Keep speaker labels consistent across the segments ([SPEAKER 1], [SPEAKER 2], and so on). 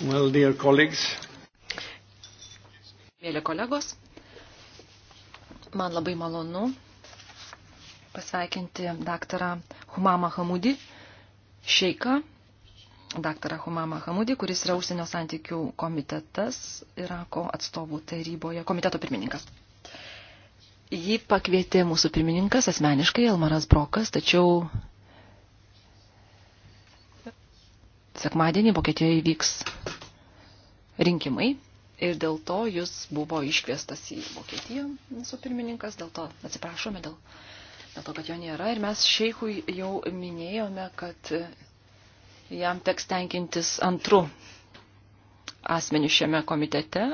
[SPEAKER 1] Well, dear colleagues.
[SPEAKER 2] Mėly kolegos, man labai malonu pasveikinti daktarą Humamą Hamudį Šeiką, daktarą Humamą Hamudį, kuris yra užsienio santykių komitetas Irako atstovų taryboje, komiteto pirmininkas. Jį pakvietė mūsų pirmininkas asmeniškai, Elmaras Brokas, tačiau sekmadienį Vokietijoje įvyks rinkimai ir dėl to jis buvo iškviestas į Vokietiją, mūsų pirmininkas, dėl to atsiprašome, dėl, dėl to, kad jo nėra. Ir mes šeichui jau minėjome, kad jam teks tenkintis antrų asmenių šiame komitete,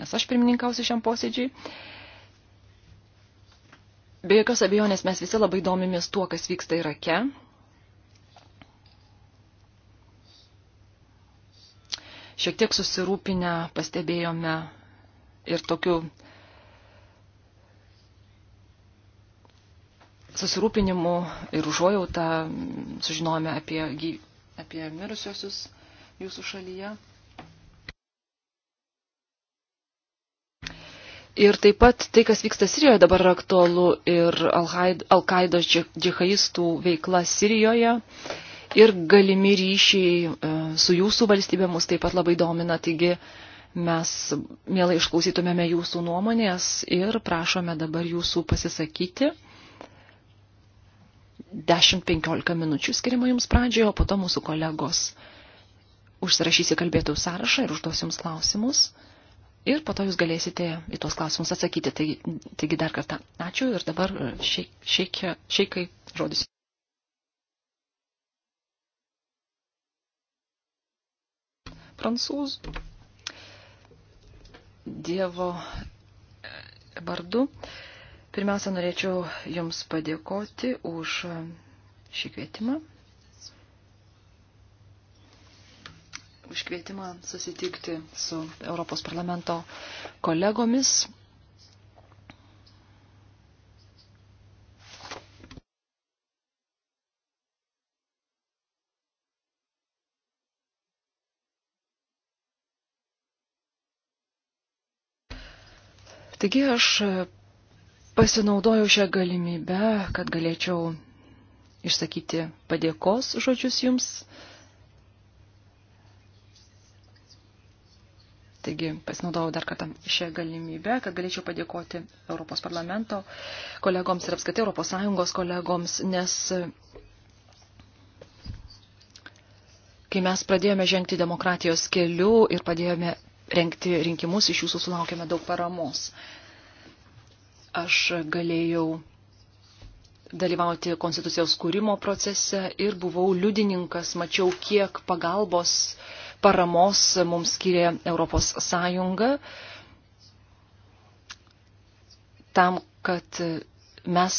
[SPEAKER 2] nes aš pirmininkausiu šiam posėdžiui. Be jokios abejonės mes visi labai domimės tuo, kas vyksta Irake. Šiek tiek susirūpinę pastebėjome ir tokiu susirūpinimu ir užuojautą sužinojome apie, apie mirusiosius jūsų šalyje. Ir taip pat tai, kas vyksta Sirijoje dabar yra aktualu ir Al-Qaidos džihadistų veikla Sirijoje. Uh, ir galimi ryšiai e, su jūsų valstybė mus taip pat labai domina, taigi mes mielai išklausytumėme jūsų nuomonės ir prašome dabar jūsų pasisakyti. 10-15 minučių skirimo jums pradžioje, o po to mūsų kolegos užsirašysi kalbėtojų sąrašą ir užduos jums klausimus. Ir po to jūs galėsite į tuos klausimus atsakyti. Taigi, taigi dar kartą ačiū ir dabar šeikai šeik, šeik, žodis. prancūzų. Dievo vardu. Pirmiausia, norėčiau Jums padėkoti už šį kvietimą. Už kvietimą susitikti su Europos parlamento kolegomis Taigi aš pasinaudojau šią galimybę, kad galėčiau išsakyti padėkos žodžius jums. Taigi pasinaudojau dar kartą šią galimybę, kad galėčiau padėkoti Europos parlamento kolegoms ir apskaitai Europos Sąjungos kolegoms, nes kai mes pradėjome žengti demokratijos keliu ir padėjome rengti rinkimus, iš jūsų sulaukėme daug paramos. Aš galėjau dalyvauti konstitucijos kūrimo procese ir buvau liudininkas, mačiau, kiek pagalbos, paramos mums skiria Europos Sąjunga tam, kad mes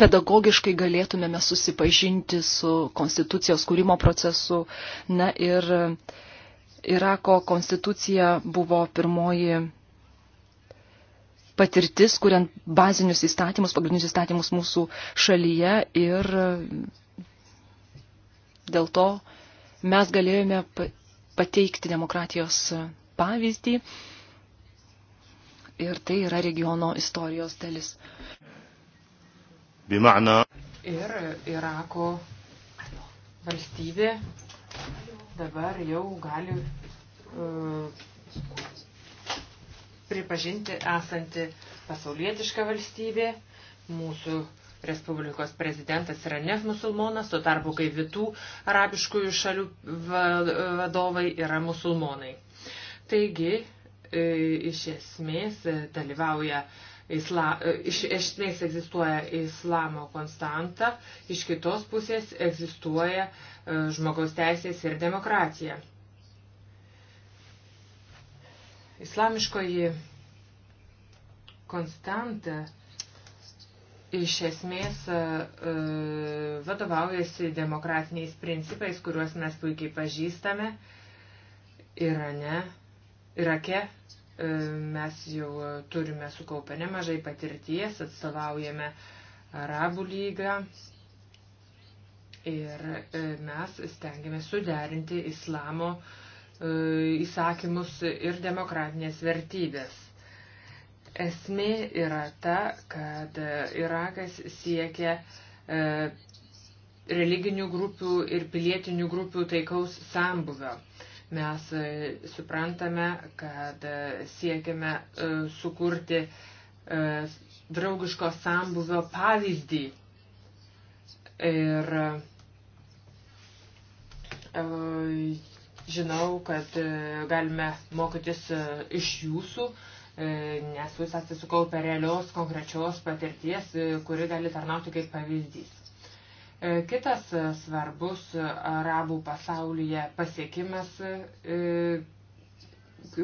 [SPEAKER 2] pedagogiškai galėtumėme susipažinti su konstitucijos kūrimo procesu. Na ir uh, Irako konstitucija buvo pirmoji patirtis, kuriant bazinius įstatymus, pagrindinius įstatymus mūsų šalyje ir dėl to mes galėjome pateikti demokratijos pavyzdį ir tai yra regiono istorijos dalis. Bimana. Ir Irako valstybė dabar jau gali
[SPEAKER 3] uh, pripažinti esanti pasaulietiška valstybė. Mūsų Respublikos prezidentas yra ne musulmonas, tuo tarpu kai kitų arabiškųjų šalių vadovai yra musulmonai. Taigi, e, iš esmės dalyvauja uh, isla, iš esmės egzistuoja islamo konstanta, iš kitos pusės egzistuoja e, žmogaus teisės ir demokratija. Islamiškoji konstanta iš esmės e, e, vadovaujasi demokratiniais principais, kuriuos mes puikiai pažįstame Irane, Irake, E, mes jau turime sukaupę nemažai patirties, atstovaujame Arabų lygą ir e, mes stengiame suderinti islamo e, įsakymus ir demokratinės vertybės. Esmė yra ta, kad Irakas siekia religinių grupių ir pilietinių grupių taikaus sambuvio. Mes e, suprantame, kad e, siekiame e, sukurti draugiško sambuvio pavyzdį. Ir žinau, kad galime mokytis iš jūsų, nes jūs esate sukaupę realios, konkrečios patirties, kuri gali tarnauti kaip pavyzdys. E, kitas e, svarbus e, arabų pasaulyje pasiekimas,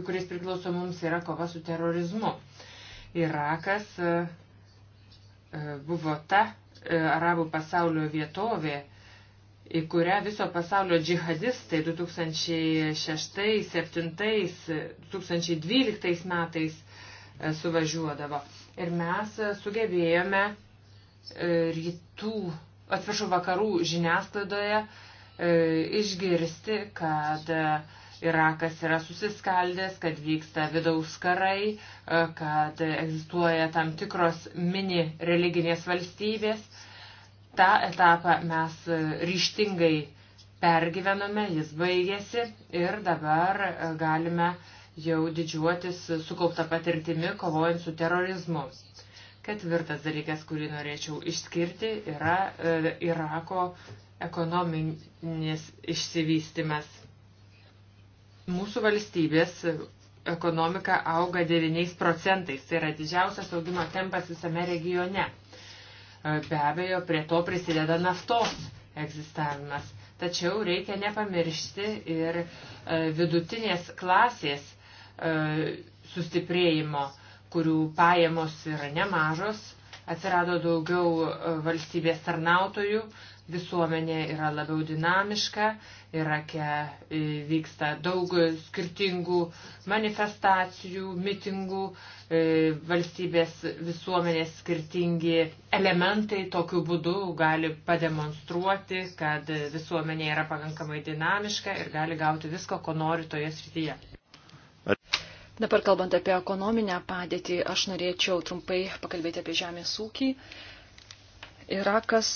[SPEAKER 3] kuris priklauso mums, yra kova su terorizmu. Irakas buvo ta arabų pasaulio vietovė, į kurią viso pasaulio džihadistai 2006, 2007, 2012 metais suvažiuodavo. Ir mes sugebėjome rytų atsiprašau, vakarų žiniasklaidoje e, išgirsti, kad e, Irakas yra susiskaldęs, kad vyksta vidaus karai, e, kad egzistuoja tam tikros mini religinės valstybės. Ta etapą mes ryštingai pergyvenome, jis baigėsi ir dabar galime jau didžiuotis sukauptą patirtimi kovojant su terorizmu. Ketvirtas dalykas, kurį norėčiau išskirti, yra e, Irako ekonominis išsivystimas. Mūsų valstybės ekonomika auga 9 procentais, tai yra didžiausias augimo tempas visame regione. E, be abejo, prie to prisideda naftos egzistavimas. Tačiau reikia nepamiršti ir e, vidutinės klasės e, sustiprėjimo kurių pajamos yra nemažos, atsirado daugiau e, valstybės tarnautojų, visuomenė yra labiau dinamiška, Irake e, vyksta daug skirtingų manifestacijų, mitingų, e, valstybės visuomenės skirtingi elementai tokiu būdu gali pademonstruoti, kad visuomenė yra pakankamai dinamiška ir gali gauti visko, ko nori toje srityje.
[SPEAKER 2] Dabar kalbant apie ekonominę padėtį, aš norėčiau trumpai pakalbėti apie žemės ūkį. Irakas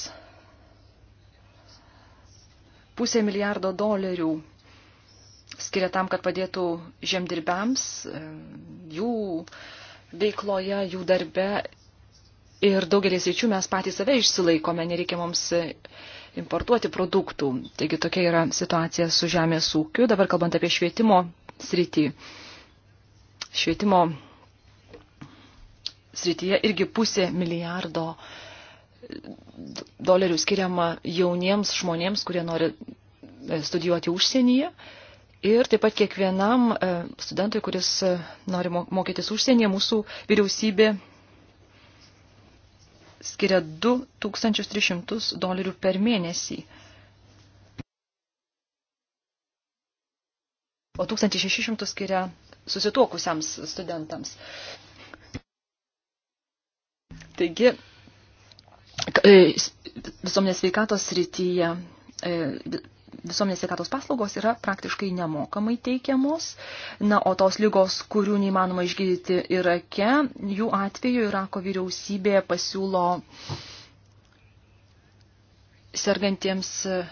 [SPEAKER 2] pusė milijardo dolerių skiria tam, kad padėtų žemdirbiams e, jų veikloje, jų darbe. Ir daugelis ryčių mes patys save išsilaikome, nereikia mums importuoti produktų. Taigi tokia yra situacija su žemės ūkiu. Dabar kalbant apie švietimo srityje švietimo srityje irgi pusė milijardo dolerių skiriama jauniems žmonėms, kurie nori e, studijuoti užsienyje. Ir taip pat kiekvienam e, studentui, kuris e, nori mokytis užsienyje, mūsų vyriausybė skiria 2300 dolerių per mėnesį. O 1600 skiria susituokusiams studentams. Taigi, e, visuomenės sveikatos srityje, e, visuomenės sveikatos paslaugos yra praktiškai nemokamai teikiamos, na, o tos lygos, kurių neįmanoma išgydyti Irake, jų atveju Irako vyriausybė pasiūlo sergantiems e,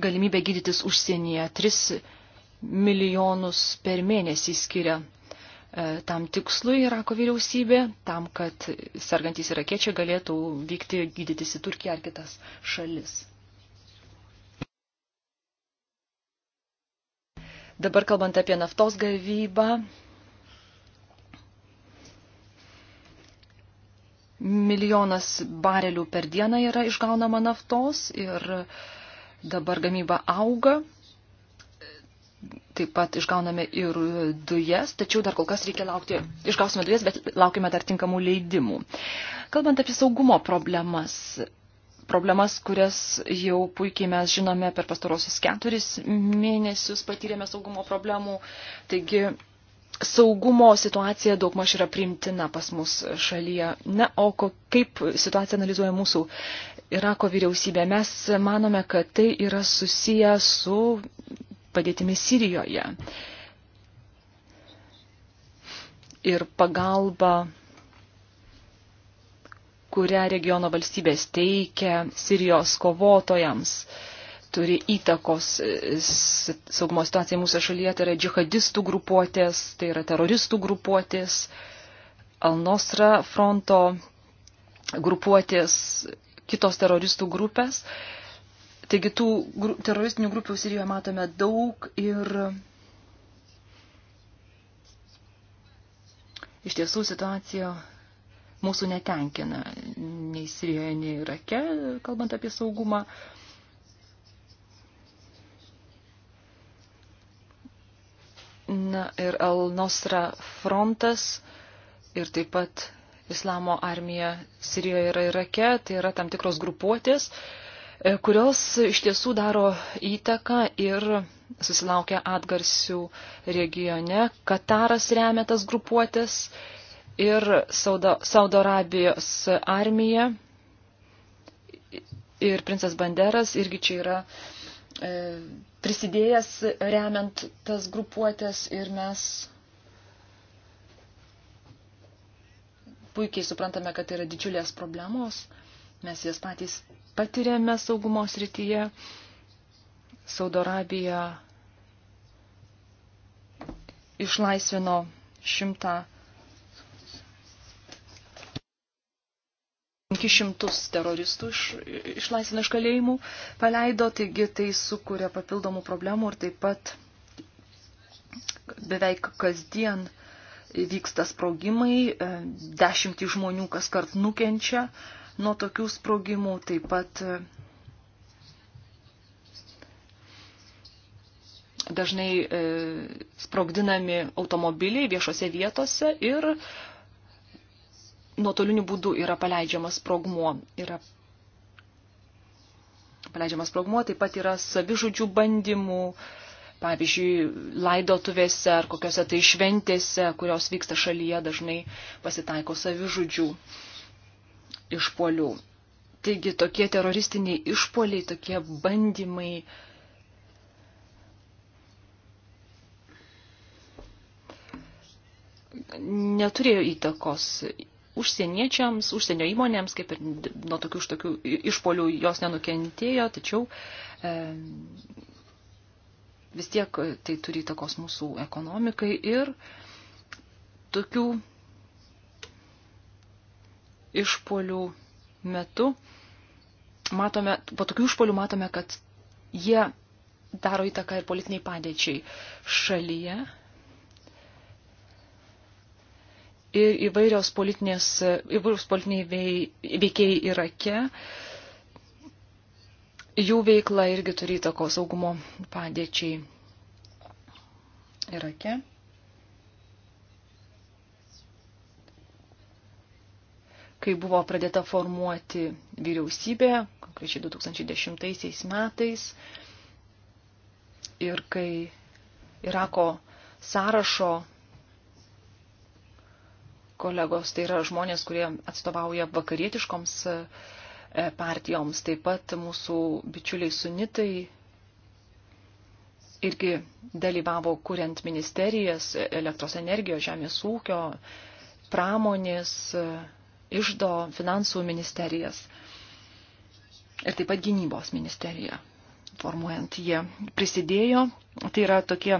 [SPEAKER 2] galimybę gydytis užsienyje. Tris milijonus per mėnesį skiria e, tam tikslui Irako vyriausybė, tam, kad sergantys irakiečiai galėtų vykti gydytis į Turkiją ar kitas šalis. Dabar kalbant apie naftos gavybą, milijonas barelių per dieną yra išgaunama naftos ir dabar gamyba auga taip pat išgauname ir dujas, tačiau dar kol kas reikia laukti, išgausime dujas, bet laukime dar tinkamų leidimų. Kalbant apie saugumo problemas, problemas, kurias jau puikiai mes žinome per pastarosius keturis mėnesius patyrėme saugumo problemų, taigi saugumo situacija daugmaž yra primtina pas mus šalyje. Na, o ko, kaip situaciją analizuoja mūsų Irako vyriausybė? Mes manome, kad tai yra susiję su padėtimi Sirijoje ir pagalba, kurią regiono valstybės teikia Sirijos kovotojams turi įtakos e, saugumo situacijai mūsų šalyje, tai yra džihadistų grupuotės, tai yra teroristų grupuotės, Alnostra fronto grupuotės, kitos teroristų grupės. Taigi tų gru, teroristinių grupių Sirijoje matome daug ir iš tiesų situacija mūsų netenkina, nei Sirijoje, nei Irake, kalbant apie saugumą. Na ir Al-Nosra frontas ir taip pat Islamo armija Sirijoje ir Irake, tai yra tam tikros grupuotės, uh, E, kurios iš tiesų daro įtaką ir susilaukia atgarsių regione. Kataras remia tas grupuotės ir Saudo, Saudo Arabijos armija ir princas Banderas irgi čia yra e, prisidėjęs remiant tas grupuotės ir mes puikiai suprantame, kad tai yra didžiulės problemos, mes jas patys patiriame saugumo srityje. Saudo Arabija išlaisvino šimtą 500 teroristų iš, išlaisvino iš kalėjimų, paleido, taigi tai sukuria papildomų problemų ir taip pat beveik kasdien vyksta sprogimai, e, dešimtį žmonių kas kart nukenčia, uh, nuo tokių sprogimų, taip pat e, dažnai e, sprogdinami automobiliai viešose vietose ir nuotoliniu būdu yra paleidžiamas sprogmuo. Yra paleidžiamas sprogmuo, taip pat yra savižudžių bandymų, pavyzdžiui, laidotuvėse ar kokiuose tai šventėse, kurios vyksta šalyje, dažnai pasitaiko savižudžių. E, išpolių. Taigi tokie teroristiniai išpoliai, tokie bandymai neturėjo įtakos užsieniečiams, užsienio įmonėms, kaip ir nuo tokių, tokių išpolių jos nenukentėjo, tačiau e, vis tiek tai turi įtakos mūsų ekonomikai ir tokių išpolių metu matome, po tokių išpolių matome, kad jie daro įtaką ir politiniai padėčiai šalyje. Ir įvairios politinės, įvairios politiniai veikiai Irake, jų veikla irgi turi įtakos saugumo padėčiai Irake. Ir kai buvo pradėta formuoti vyriausybė, konkrečiai 2010 metais, ir kai Irako sąrašo kolegos, tai yra žmonės, kurie atstovauja vakarietiškoms e, partijoms, taip pat mūsų bičiuliai sunitai irgi dalyvavo kuriant ministerijas elektros energijos, žemės ūkio, pramonės, išdo finansų ministerijas ir taip pat gynybos ministeriją formuojant jie prisidėjo. Tai yra tokie,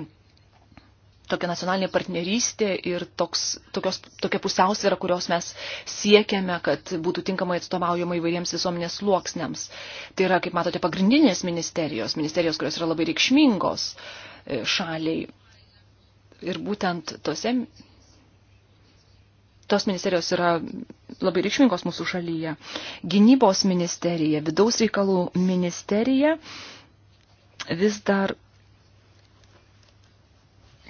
[SPEAKER 2] tokia nacionalinė partnerystė ir toks, tokios, tokia pusiausvėra, kurios mes siekiame, kad būtų tinkamai atstovaujama įvairiems visuomenės sluoksniams. Tai yra, kaip matote, pagrindinės ministerijos, ministerijos, kurios yra labai reikšmingos e, šaliai. Ir būtent tose tos ministerijos yra labai reikšmingos mūsų šalyje. Gynybos ministerija, vidaus reikalų ministerija vis dar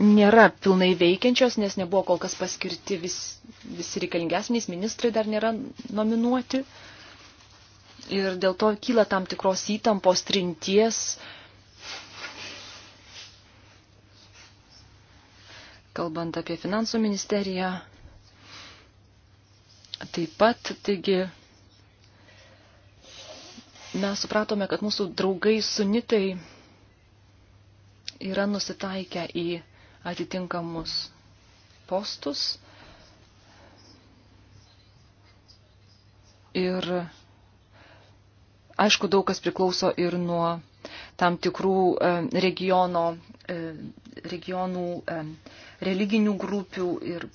[SPEAKER 2] nėra pilnai veikiančios, nes nebuvo kol kas paskirti vis, visi reikalingesniais, ministrai dar nėra nominuoti. Ir dėl to kyla tam tikros įtampos, trinties. Kalbant apie finansų ministeriją, Taip pat, taigi, mes supratome, kad mūsų draugai sunitai yra nusitaikę į atitinkamus postus. Ir aišku, daug kas priklauso ir nuo tam tikrų e, regiono, e, regionų e, religinių grupių ir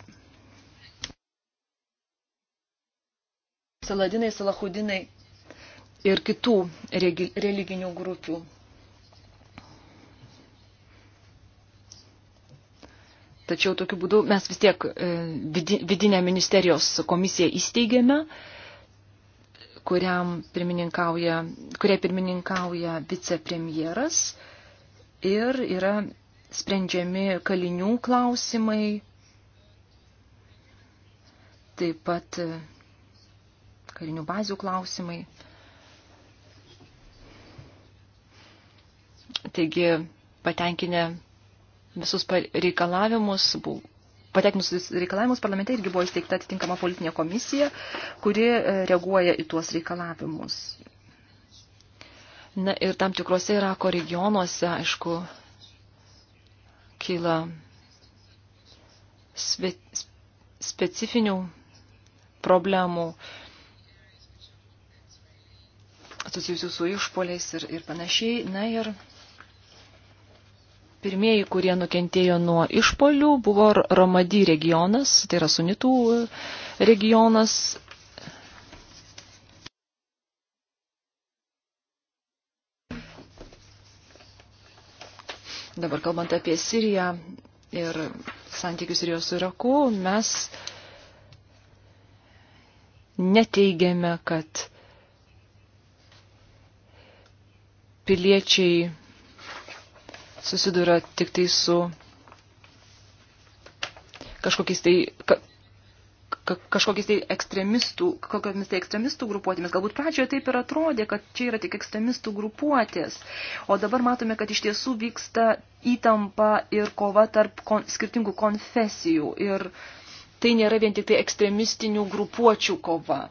[SPEAKER 2] saladinai, salahudinai ir kitų religinių grupių. Tačiau tokiu būdu mes vis tiek e, vidinę ministerijos komisiją įsteigėme, kuriam pirmininkauja, kurie pirmininkauja vicepremjeras ir yra sprendžiami kalinių klausimai, taip pat e, karinių bazių klausimai. Taigi patenkinę visus reikalavimus, patekinus reikalavimus parlamente irgi buvo įsteigta atitinkama politinė komisija, kuri e, reaguoja į tuos reikalavimus. Na ir tam tikrose Irako regionuose, aišku, kyla spe, specifinių problemų, susijusių su išpoliais ir, ir panašiai. Na ir pirmieji, kurie nukentėjo nuo išpolių, buvo Ramadi regionas, tai yra sunitų e, regionas. Dabar kalbant apie Siriją ir santykius Sirijos su Iraku, mes neteigiame, kad piliečiai susiduria tik tai su kažkokiais tai kažkokiais tai ekstremistų, kokiamis tai ekstremistų grupuotėmis. Galbūt pradžioje taip ir atrodė, kad čia yra tik ekstremistų grupuotės. O dabar matome, kad iš tiesų vyksta įtampa ir kova tarp kon, skirtingų konfesijų. Ir tai nėra vien tik tai ekstremistinių grupuočių kova.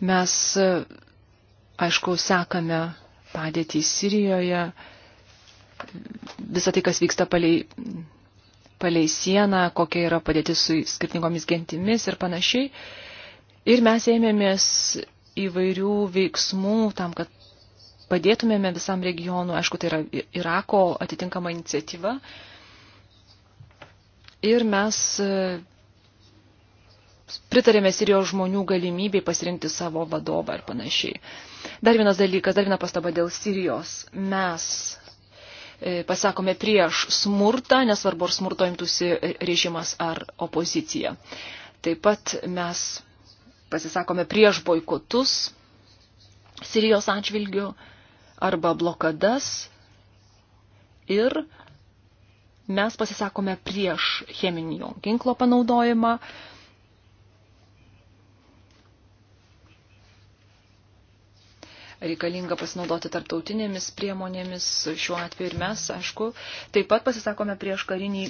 [SPEAKER 2] Mes, aišku, sekame padėtį Sirijoje, visą tai, kas vyksta palei, palei sieną, kokia yra padėtis su skirtingomis gentimis ir panašiai. Ir mes ėmėmės įvairių veiksmų tam, kad padėtumėme visam regionu. Aišku, tai yra Irako atitinkama iniciatyva. Ir mes pritarėme Sirijos žmonių galimybėj pasirinkti savo vadovą ir panašiai. Dar vienas dalykas, dar viena pastaba dėl Sirijos. Mes e, pasakome prieš smurtą, nesvarbu, ar smurto imtųsi režimas ar opozicija. Taip pat mes pasisakome prieš boikotus Sirijos atžvilgių arba blokadas ir mes pasisakome prieš cheminio ginklo panaudojimą, reikalinga pasinaudoti tarptautinėmis priemonėmis šiuo atveju ir mes, aišku, taip pat pasisakome prieš karinį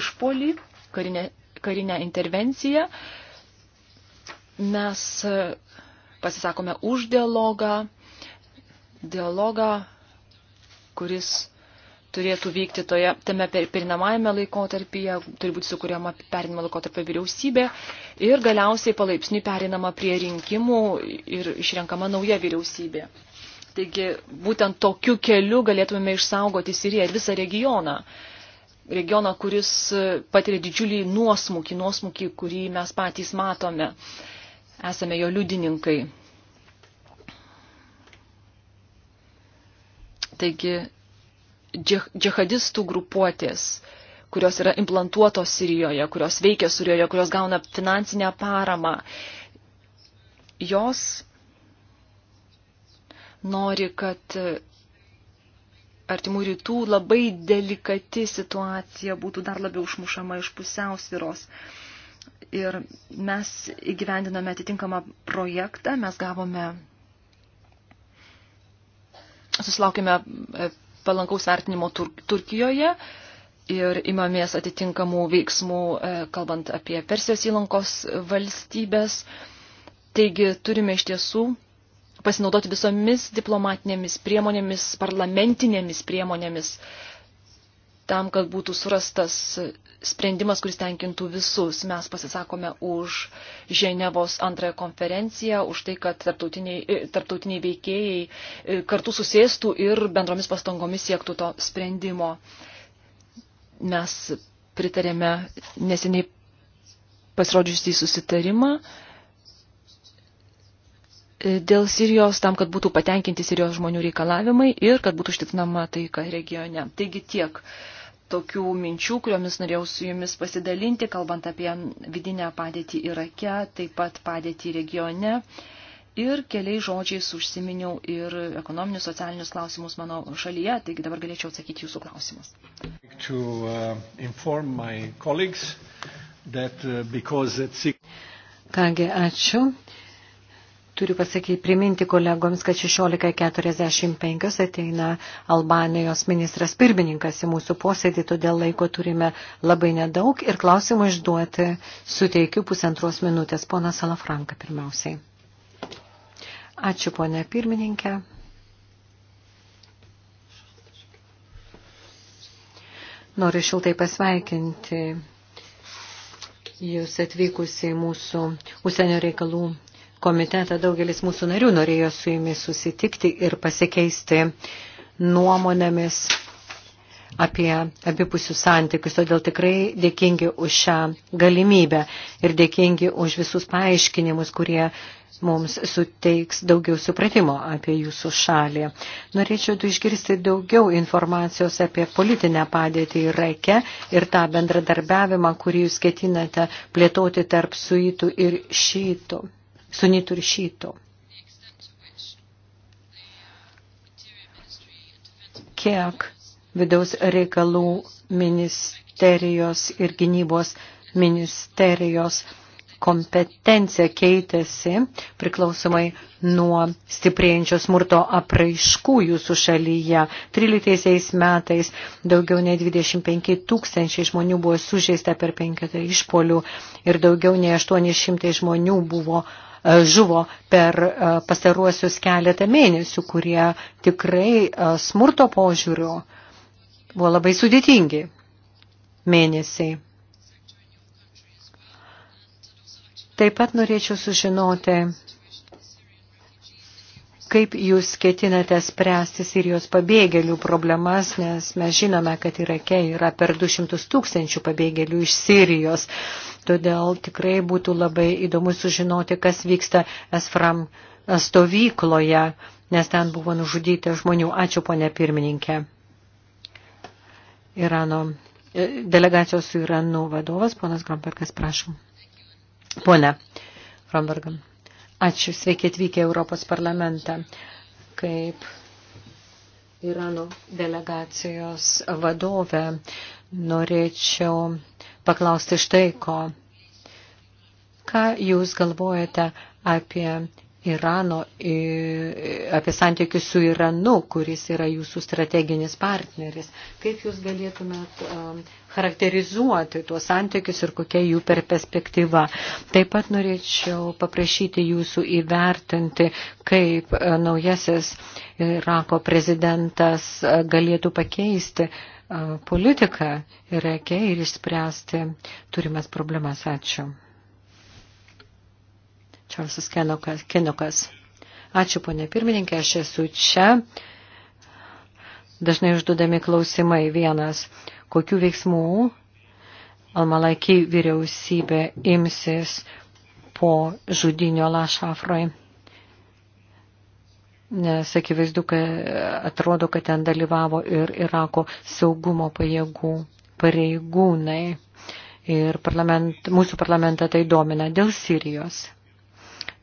[SPEAKER 2] išpolį, karinę, karinę intervenciją. Mes e, pasisakome už dialogą, dialogą, kuris turėtų vykti toje, tame perinamajame laikotarpyje, turi būti sukūriama perinamo laikotarpio vyriausybė ir galiausiai palaipsniui perinama prie rinkimų ir išrenkama nauja vyriausybė. Taigi būtent tokiu keliu galėtumėme išsaugoti Siriją ir visą regioną. Regioną, kuris patiria didžiulį nuosmukį, nuosmukį, kurį mes patys matome. Esame jo liudininkai. Taigi džihadistų grupuotės, kurios yra implantuotos Sirijoje, kurios veikia Sirijoje, kurios gauna finansinę paramą. Jos nori, kad e, artimų rytų labai delikati situacija būtų dar labiau užmušama iš pusiausviros. Ir mes įgyvendinome atitinkamą projektą, mes gavome, susilaukime e, palankaus vertinimo Turk Turkijoje ir imamės atitinkamų veiksmų, e, kalbant apie Persijos įlankos valstybės. Taigi turime iš tiesų pasinaudoti visomis diplomatinėmis priemonėmis, parlamentinėmis priemonėmis, tam, kad būtų surastas sprendimas, kuris tenkintų visus. Mes pasisakome už Ženevos antrąją konferenciją, už tai, kad tarptautiniai, e, tarptautiniai veikėjai e, kartu susėstų ir bendromis pastangomis siektų to sprendimo. Mes pritarėme neseniai pasirodžiusį susitarimą e, dėl Sirijos, tam, kad būtų patenkinti Sirijos žmonių reikalavimai ir kad būtų užtikrinama taika regione. Taigi tiek. Uh, tokių minčių, kuriomis norėjau su jumis pasidalinti, kalbant apie vidinę padėtį Irake, taip pat padėtį regione. Ir keliai žodžiais užsiminiau ir ekonominius, socialinius klausimus mano šalyje, taigi dabar galėčiau atsakyti jūsų klausimus.
[SPEAKER 1] To, uh, that, uh, at...
[SPEAKER 4] Kągi, ačiū. Turiu pasakyti, priminti kolegoms, kad 16.45 ateina Albanijos ministras pirmininkas į mūsų posėdį, todėl laiko turime labai nedaug ir klausimą išduoti suteikiu pusantros minutės. Pona Salafranka pirmiausiai. Ačiū, ponė pirmininkė. Noriu šiltai pasveikinti Jūs atvykusi į mūsų užsienio reikalų komitetą daugelis mūsų narių norėjo su jumis susitikti ir pasikeisti nuomonėmis apie abipusius santykius. Todėl tikrai dėkingi už šią galimybę ir dėkingi už visus paaiškinimus, kurie mums suteiks daugiau supratimo apie jūsų šalį. Norėčiau tu išgirsti daugiau informacijos apie politinę padėtį Irake ir tą bendradarbiavimą, kurį jūs ketinate plėtoti tarp suitų ir šytų sunitų ir šytų. Kiek vidaus reikalų ministerijos ir gynybos ministerijos kompetencija keitėsi priklausomai nuo stiprėjančio smurto apraiškų jūsų šalyje. 13 metais daugiau nei 25 tūkstančiai žmonių buvo sužeista per penketą išpolių ir daugiau nei 800 žmonių buvo E, žuvo per e, pastaruosius keletą mėnesių, kurie tikrai e, smurto požiūriu buvo labai sudėtingi mėnesiai. Taip pat norėčiau sužinoti kaip jūs ketinate spręsti Sirijos pabėgėlių problemas, nes mes žinome, kad Irake yra per 200 tūkstančių pabėgėlių iš Sirijos. Todėl tikrai būtų labai įdomu sužinoti, kas vyksta Esfram stovykloje, nes ten buvo nužudyti žmonių. Ačiū, ponė pirmininkė. Irano e, delegacijos su Iranu vadovas, ponas Grombergas, prašom. Pone Grombergam. Ačiū, sveiki atvykę Europos parlamentą. Kaip Irano delegacijos vadovė norėčiau paklausti štai ko. Ką jūs galvojate apie Irano, apie santykius su Iranu, kuris yra jūsų strateginis partneris? Kaip jūs galėtumėt um, charakterizuoti tuos santykius ir kokia jų per perspektyva. Taip pat norėčiau paprašyti jūsų įvertinti, kaip e, naujasis Irako prezidentas e, galėtų pakeisti e, politiką Irake ir išspręsti turimas problemas. Ačiū. Čarlzas Kenokas. Ačiū, ponė pirmininkė, aš esu čia. Dažnai užduodami klausimai vienas kokių veiksmų Almalaikiai vyriausybė imsis po žudinio Lašafroj. Nes akivaizdu, kad atrodo, kad ten dalyvavo ir Irako saugumo pajėgų pareigūnai. Ir parlament, mūsų parlamentą tai domina dėl Sirijos.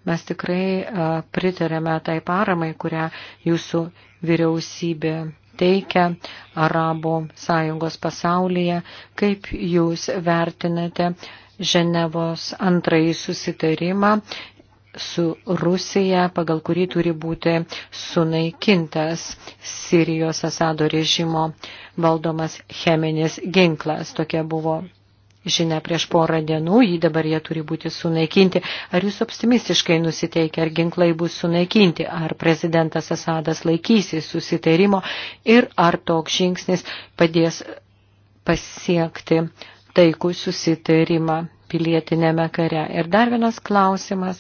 [SPEAKER 4] Mes tikrai pritarėme tai paramai, kurią jūsų vyriausybė teikia Arabų sąjungos pasaulyje, kaip jūs vertinate Ženevos antrąjį susitarimą su Rusija, pagal kurį turi būti sunaikintas Sirijos Asado režimo valdomas cheminis ginklas. Tokia buvo žinia prieš porą dienų, jį dabar jie turi būti sunaikinti. Ar jūs optimistiškai nusiteikia, ar ginklai bus sunaikinti, ar prezidentas Asadas laikysis susitarimo ir ar toks žingsnis padės pasiekti taikų susitarimą pilietinėme kare. Ir dar vienas klausimas,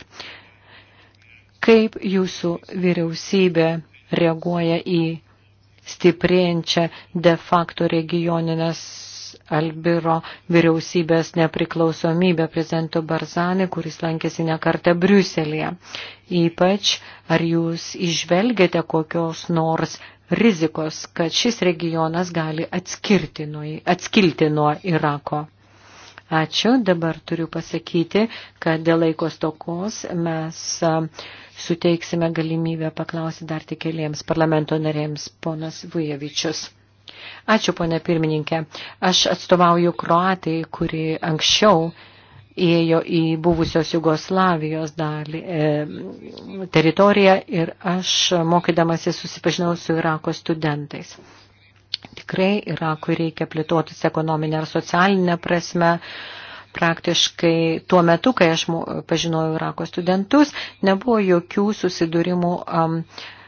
[SPEAKER 4] kaip jūsų vyriausybė reaguoja į stiprėjančią de facto regioninės Albiro vyriausybės nepriklausomybę prezidentu Barzani, kuris lankėsi nekartą Briuselėje. Ypač ar jūs išvelgiate kokios nors rizikos, kad šis regionas gali atskirti nuo, atskilti nuo Irako? Ačiū. Dabar turiu pasakyti, kad dėl laikos tokos mes suteiksime galimybę paklausyti dar tik keliems parlamento narėms ponas Vujevičius. Ačiū, ponė pirmininkė. Aš atstovauju Kroatijai, kuri anksčiau ėjo į buvusios Jugoslavijos dalį, e, teritoriją ir aš mokydamasi susipažinau su Irako studentais. Tikrai Irakui reikia plėtotis ekonominę ar socialinę prasme. Praktiškai tuo metu, kai aš pažinojau Irako studentus, nebuvo jokių susidūrimų. Um, e,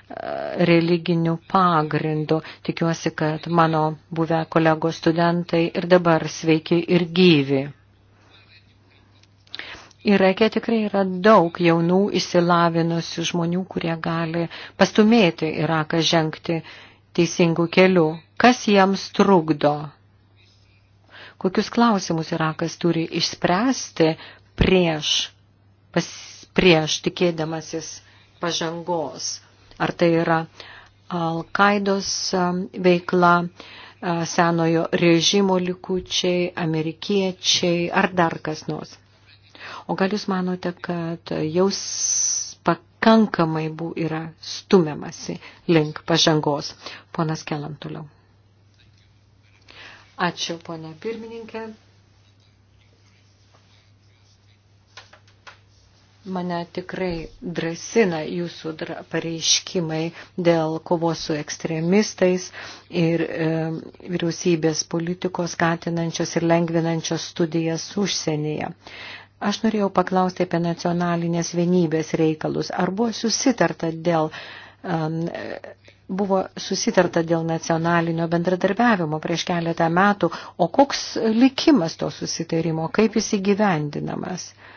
[SPEAKER 4] religiniu pagrindu. Tikiuosi, kad mano buvę kolegos studentai ir dabar sveiki ir gyvi. Irake tikrai yra daug jaunų išsilavinusių žmonių, kurie gali pastumėti Iraką žengti teisingų kelių. Kas jiems trukdo? Kokius klausimus Irakas turi išspręsti prieš, pas, prieš tikėdamasis pažangos? Ar tai yra Al-Qaidos um, veikla, uh, senojo režimo likučiai, amerikiečiai ar dar kas nors. O gal jūs manote, kad jau pakankamai bū yra stumiamasi link pažangos? Ponas Kelam toliau. Ačiū, ponė pirmininkė. Mane tikrai drasina jūsų pareiškimai dėl kovos su ekstremistais ir e, vyriausybės politikos skatinančios ir lengvinančios studijas užsienyje. Aš norėjau paklausti apie nacionalinės vienybės reikalus. Ar buvo susitarta dėl. Um, buvo susitarta dėl nacionalinio bendradarbiavimo prieš keletą metų, o koks likimas to susitarimo, kaip jis įgyvendinamas? Uh,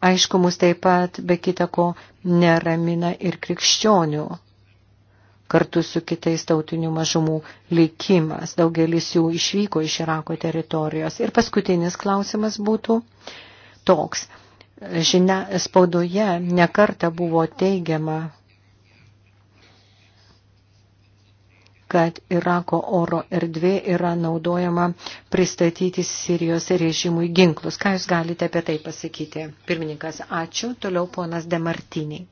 [SPEAKER 4] Aišku, mus taip pat be kitako neramina ir krikščionių kartu su kitais tautinių mažumų likimas. Daugelis jų išvyko iš Irako teritorijos. Ir paskutinis klausimas būtų toks. Žinia, spaudoje nekarta buvo teigiama kad Irako oro erdvė yra naudojama pristatyti Sirijos režimui ginklus. Ką Jūs galite apie tai pasakyti? Pirmininkas, ačiū. Toliau ponas Demartiniai.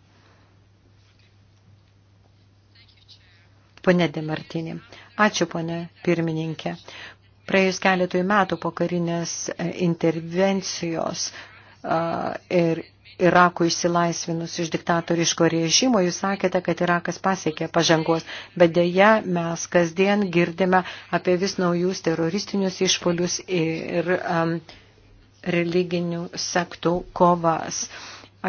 [SPEAKER 4] Pone Demartinį. Ačiū, pone pirmininkė. Praėjus keletui metų po karinės intervencijos ir Irako išsilaisvinus iš diktatoriško režimo, jūs sakėte, kad Irakas pasiekė pažangos, bet dėja mes kasdien girdime apie vis naujus teroristinius išpolius ir um, religinių sektų kovas.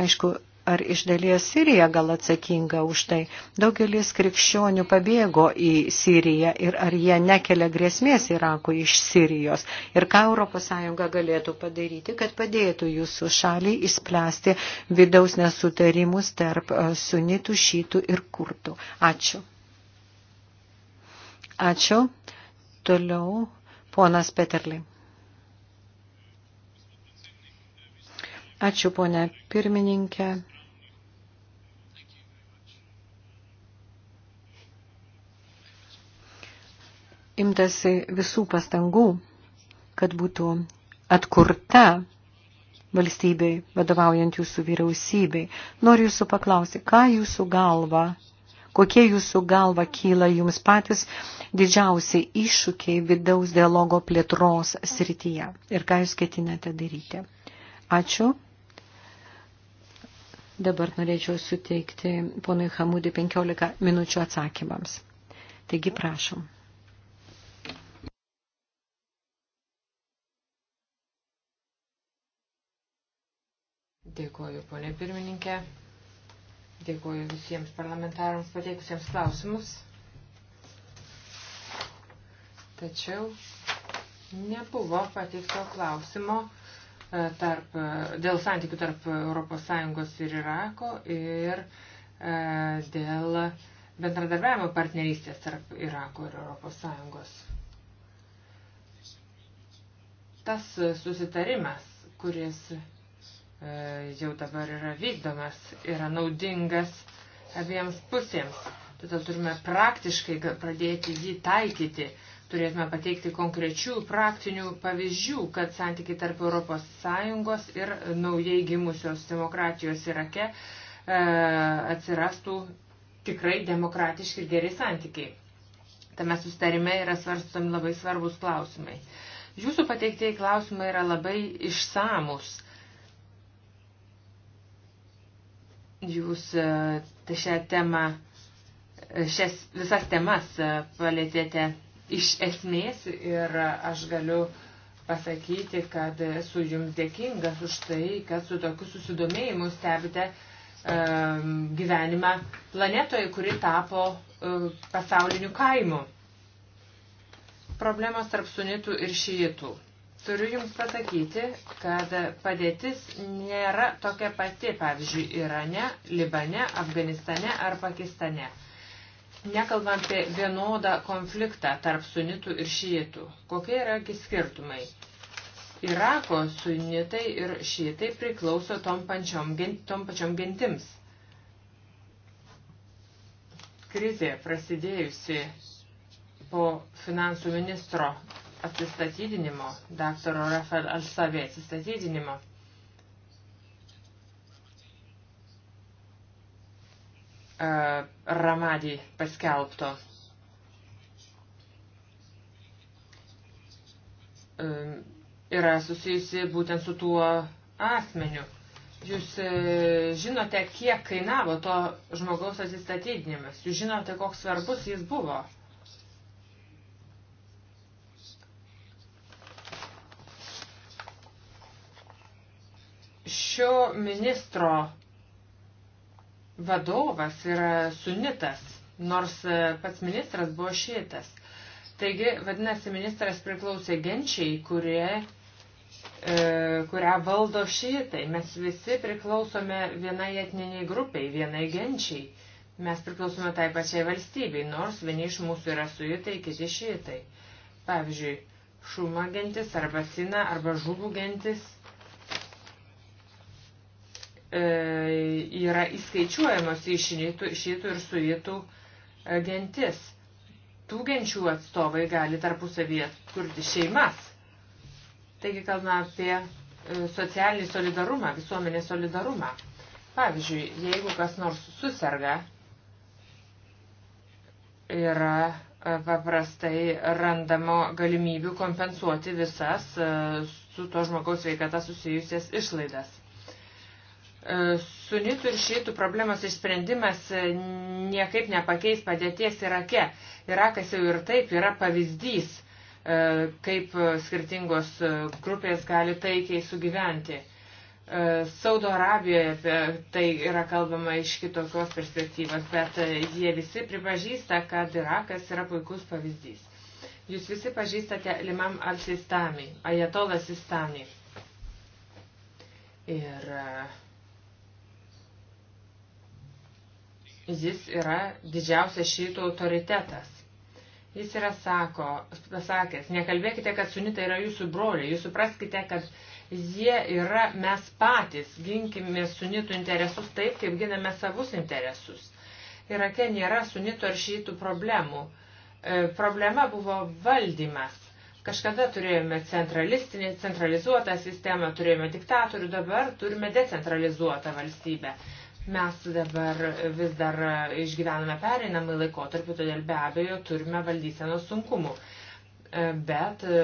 [SPEAKER 4] Aišku, ar iš dalies Sirija gal atsakinga už tai. Daugelis krikščionių pabėgo į Siriją ir ar jie nekelia grėsmės Irakui iš Sirijos. Ir ką ES galėtų padaryti, kad padėtų jūsų šaliai išspręsti vidaus nesutarimus tarp e, sunitų, šytų ir kurtų. Ačiū. Ačiū. Toliau ponas Peterlai. Ačiū, ponė pirmininkė. imtasi visų pastangų, kad būtų atkurta valstybei, vadovaujant jūsų vyriausybei. Noriu jūsų paklausti, ką jūsų galva, kokie jūsų galva kyla jums patys didžiausiai iššūkiai vidaus dialogo plėtros srityje ir ką jūs ketinate daryti. Ačiū. Dabar norėčiau suteikti ponui Hamudį 15 minučių atsakymams. Taigi prašom.
[SPEAKER 3] Dėkuoju, ponė pirmininkė. Dėkuoju visiems parlamentarams pateikusiems klausimus. Tačiau nebuvo pateikto klausimo e, tarp, e, dėl santykių tarp ES ir Irako ir e, dėl bendradarbiavimo partnerystės tarp Irako ir ES. Tas susitarimas, kuris E, jau dabar yra vykdomas, yra naudingas abiems pusėms. Todėl turime praktiškai pradėti jį taikyti. Turėtume pateikti konkrečių praktinių pavyzdžių, kad santykiai tarp ES ir naujai gimusios demokratijos Irake e, atsirastų tikrai demokratiški ir geri santykiai. Tame sustarime yra svarstomi labai svarbus klausimai. Jūsų pateiktieji klausimai yra labai išsamus Jūs e, šią temą, e, šias visas temas e, palėtėte iš esmės ir aš galiu pasakyti, kad esu jums dėkingas už tai, kad su tokiu susidomėjimu stebite gyvenimą planetoje, kuri tapo pasauliniu kaimu. Problemos tarp sunitų ir šijitų. Turiu Jums pasakyti, kad padėtis nėra tokia pati, pavyzdžiui, Irane, Libane, Afganistane ar Pakistane. Nekalbant apie vienodą konfliktą tarp sunitų ir šiitų. Kokie yragi skirtumai? Irako sunitai ir šiitai priklauso tom, pančiom, tom pačiom gentims. Krizė prasidėjusi po finansų ministro atsistatydinimo, daktaro Rafael Alsavė atsistatydinimo. Ramadį paskelbto. Yra susijusi būtent su tuo asmeniu. Jūs e, žinote, kiek kainavo to žmogaus atsistatydinimas. Jūs žinote, koks svarbus jis buvo. šio ministro vadovas yra sunitas, nors pats ministras buvo šėtas. Taigi, vadinasi, ministras priklausė genčiai, kurie, e, kurią valdo šėtai. Mes visi priklausome vienai etniniai grupiai, vienai genčiai. Mes priklausome tai pačiai valstybei, nors vieni iš mūsų yra sujutai, kiti šėtai. Pavyzdžiui, šuma gentis arba sina arba žuvų gentis – E, yra įskaičiuojamos į šitų ir suitų gentis. Tų genčių atstovai gali tarpusavyje kurti šeimas. Taigi kalbame apie e, socialinį solidarumą, visuomenės solidarumą. Pavyzdžiui, jeigu kas nors susirga, yra e, paprastai randamo galimybių kompensuoti visas su to žmogaus veikata susijusias išlaidas. E, sunitų ir šitų problemos išsprendimas e, niekaip nepakeis padėties Irake. Irakas jau ir taip yra pavyzdys, e, kaip skirtingos grupės gali taikiai sugyventi. Saudo Arabijoje apie tai yra kalbama iš kitokios perspektyvos, bet jie visi pripažįsta, kad Irakas yra puikus pavyzdys. Jūs visi pažįstate Limam al-Sistami, Ajatolas Sistami. Ir uh, Jis yra didžiausias šytų autoritetas. Jis yra sako, pasakęs, nekalbėkite, kad sunitai yra jūsų broliai, jūs supraskite, kad jie yra mes patys, ginkime sunitų interesus taip, kaip giname savus interesus. Irake nėra sunito ar šytų problemų. E, problema buvo valdymas. Kažkada turėjome centralistinį, centralizuotą sistemą, turėjome diktatorių, dabar turime decentralizuotą valstybę. Mes dabar vis dar išgyvename pereinamą laikotarpį, todėl be abejo turime valdysenos sunkumų. Bet e,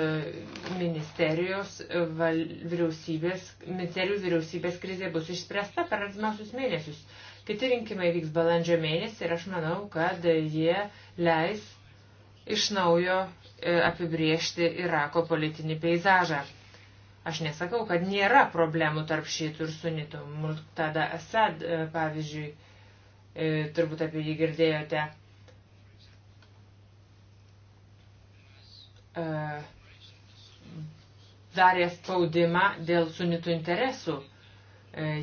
[SPEAKER 3] ministerijos val, vyriausybės, ministerijų vyriausybės krizė bus išspręsta per artimiausius mėnesius. Kiti rinkimai vyks balandžio mėnesį ir aš manau, kad jie leis iš naujo e, apibriežti Irako politinį peizažą. Aš nesakau, kad nėra problemų tarp šitų ir sunitų. Multada Asad, e, pavyzdžiui, e, turbūt apie jį girdėjote. E, darė spaudimą dėl sunitų interesų.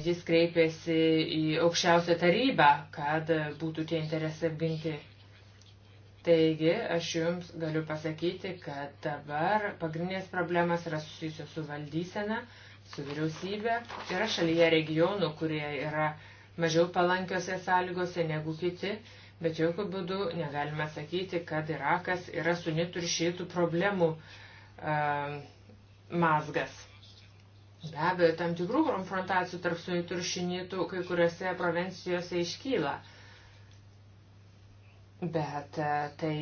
[SPEAKER 3] Jis kreipėsi į aukščiausią tarybą, kad būtų tie interesai apginti Taigi, aš jums galiu pasakyti, kad dabar pagrindinės problemas yra susijusios su valdysena, su vyriausybė. Yra šalyje regionų, kurie yra mažiau palankiose sąlygose negu kiti, bet jokių būdų negalime sakyti, kad Irakas yra sunitų ir šytų problemų uh, mazgas. Be abejo, tam tikrų konfrontacijų tarp sunitų ir šinytų kai kuriuose provincijose iškyla. Uh, bet e, tai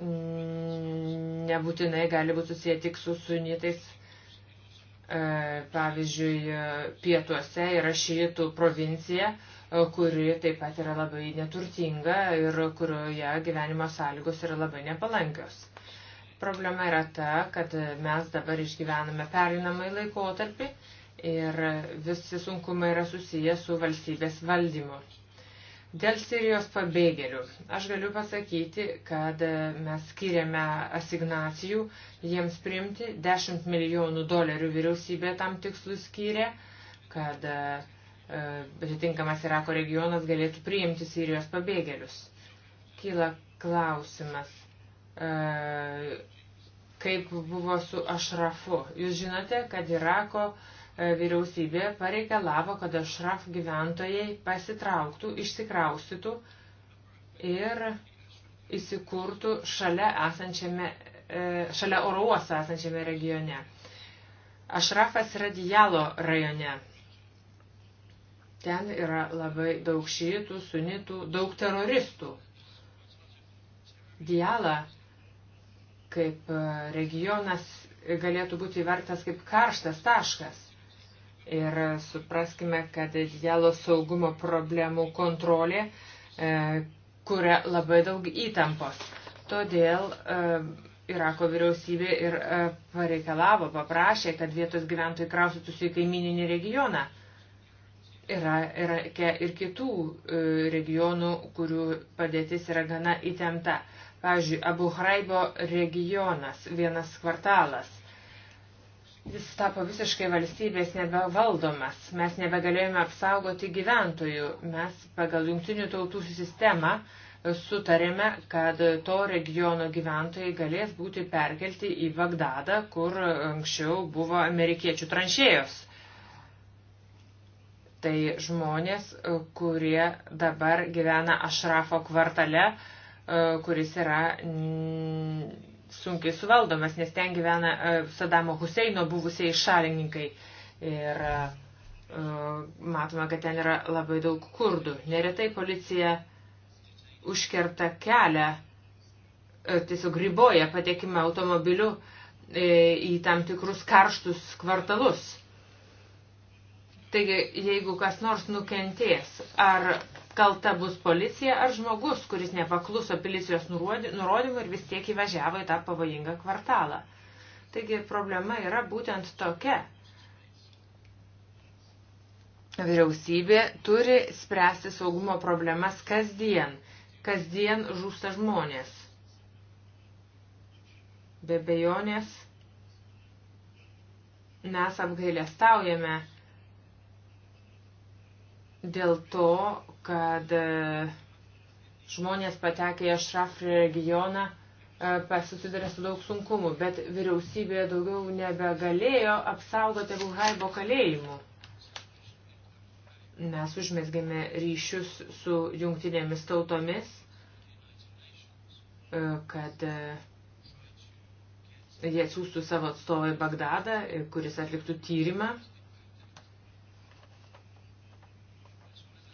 [SPEAKER 3] mm, nebūtinai gali būti susiję tik su sunitais. E, pavyzdžiui, e, pietuose yra šytų provincija, kuri taip pat yra labai neturtinga ir kurioje gyvenimo sąlygos yra labai nepalankios. Problema yra ta, kad mes dabar išgyvename perinamai laikotarpį ir visi sunkumai yra susiję su valstybės valdymu. Dėl Sirijos pabėgėlių aš galiu pasakyti, kad e, mes skiriame asignacijų jiems priimti, 10 milijonų dolerių vyriausybė tam tikslui skyrė, kad e, e, atitinkamas Irako regionas galėtų priimti Sirijos pabėgėlius. Kyla klausimas, kaip buvo su Ašrafu. Jūs žinote, kad Irako uh, E, vyriausybė pareikalavo, kad ašraf gyventojai pasitrauktų, išsikraustytų ir įsikurtų šalia, esančiame, e, šalia oro uosto esančiame regione. Ašrafas yra Dijalo rajone. Ten yra labai daug šytų, sunitų, daug teroristų. Dijala kaip e, regionas galėtų būti įvertas kaip karštas taškas Ir supraskime, kad didelio saugumo problemų kontrolė e, kuria labai daug įtampos. Todėl e, Irako vyriausybė ir e, pareikalavo, paprašė, kad vietos gyventojai kraustytųsi į kaimininį regioną. Yra, yra ir kitų e, regionų, kurių padėtis yra gana įtempta. Pavyzdžiui, Abu Hraibo regionas, vienas kvartalas Jis tapo visiškai valstybės nebevaldomas. Mes nebegalėjome apsaugoti gyventojų. Mes pagal jungtinių tautų sistemą sutarėme, kad to regiono gyventojai galės būti perkelti į Bagdadą, kur anksčiau buvo amerikiečių tranšėjos. Tai žmonės, kurie dabar gyvena Ašrafo kvartale, kuris yra sunkiai suvaldomas, nes ten gyvena e, Sadamo Huseino buvusiai šalininkai. Ir e, e, matome, kad ten yra labai daug kurdų. Neretai policija užkerta kelią, tiesiog riboja patekimą automobiliu į tam tikrus karštus kvartalus. Taigi, jeigu kas nors nukentės, ar kalta bus policija ar žmogus, kuris nepakluso policijos nurodymų ir vis tiek įvažiavo į tą pavojingą kvartalą. Taigi problema yra būtent tokia. Vyriausybė turi spręsti saugumo problemas kasdien. Kasdien žūsta žmonės. Be bejonės mes apgailestaujame staujame dėl to, kad e, žmonės patekę į Ašraf regioną e, susidarė su daug sunkumų, bet vyriausybė daugiau nebegalėjo apsaugoti Abu Haibo kalėjimų. Mes užmėsgėme ryšius su jungtinėmis tautomis, e, kad jie atsiųstų savo atstovą į Bagdadą, kuris atliktų tyrimą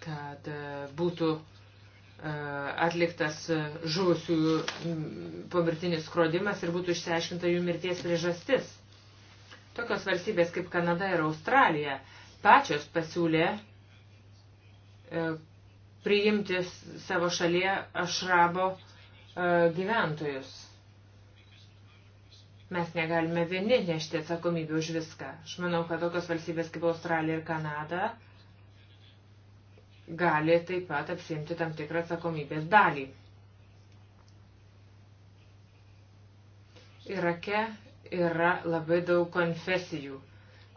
[SPEAKER 3] kad e, būtų e, atliktas žuvusiųjų pamirtinis skrodimas ir būtų išsiaiškinta jų mirties priežastis. Tokios valstybės kaip Kanada ir Australija pačios pasiūlė e, priimti savo šalyje ašrabo gyventojus. Mes negalime vieni nešti atsakomybę už viską. Aš manau, kad tokios valstybės kaip Australija ir Kanada gali taip pat apsimti tam tikrą atsakomybės dalį. Irake yra labai daug konfesijų,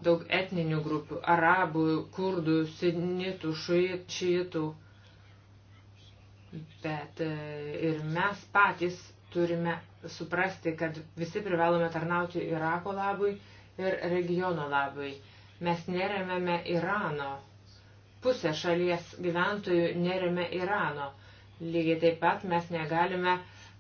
[SPEAKER 3] daug etninių grupių - arabų, kurdų, sinitų, šiitų. Bet e, ir mes patys turime suprasti, kad visi privalome tarnauti Irako labui ir regiono labui. Mes neremėme Irano pusė šalies gyventojų nerime Irano. Lygiai taip pat mes negalime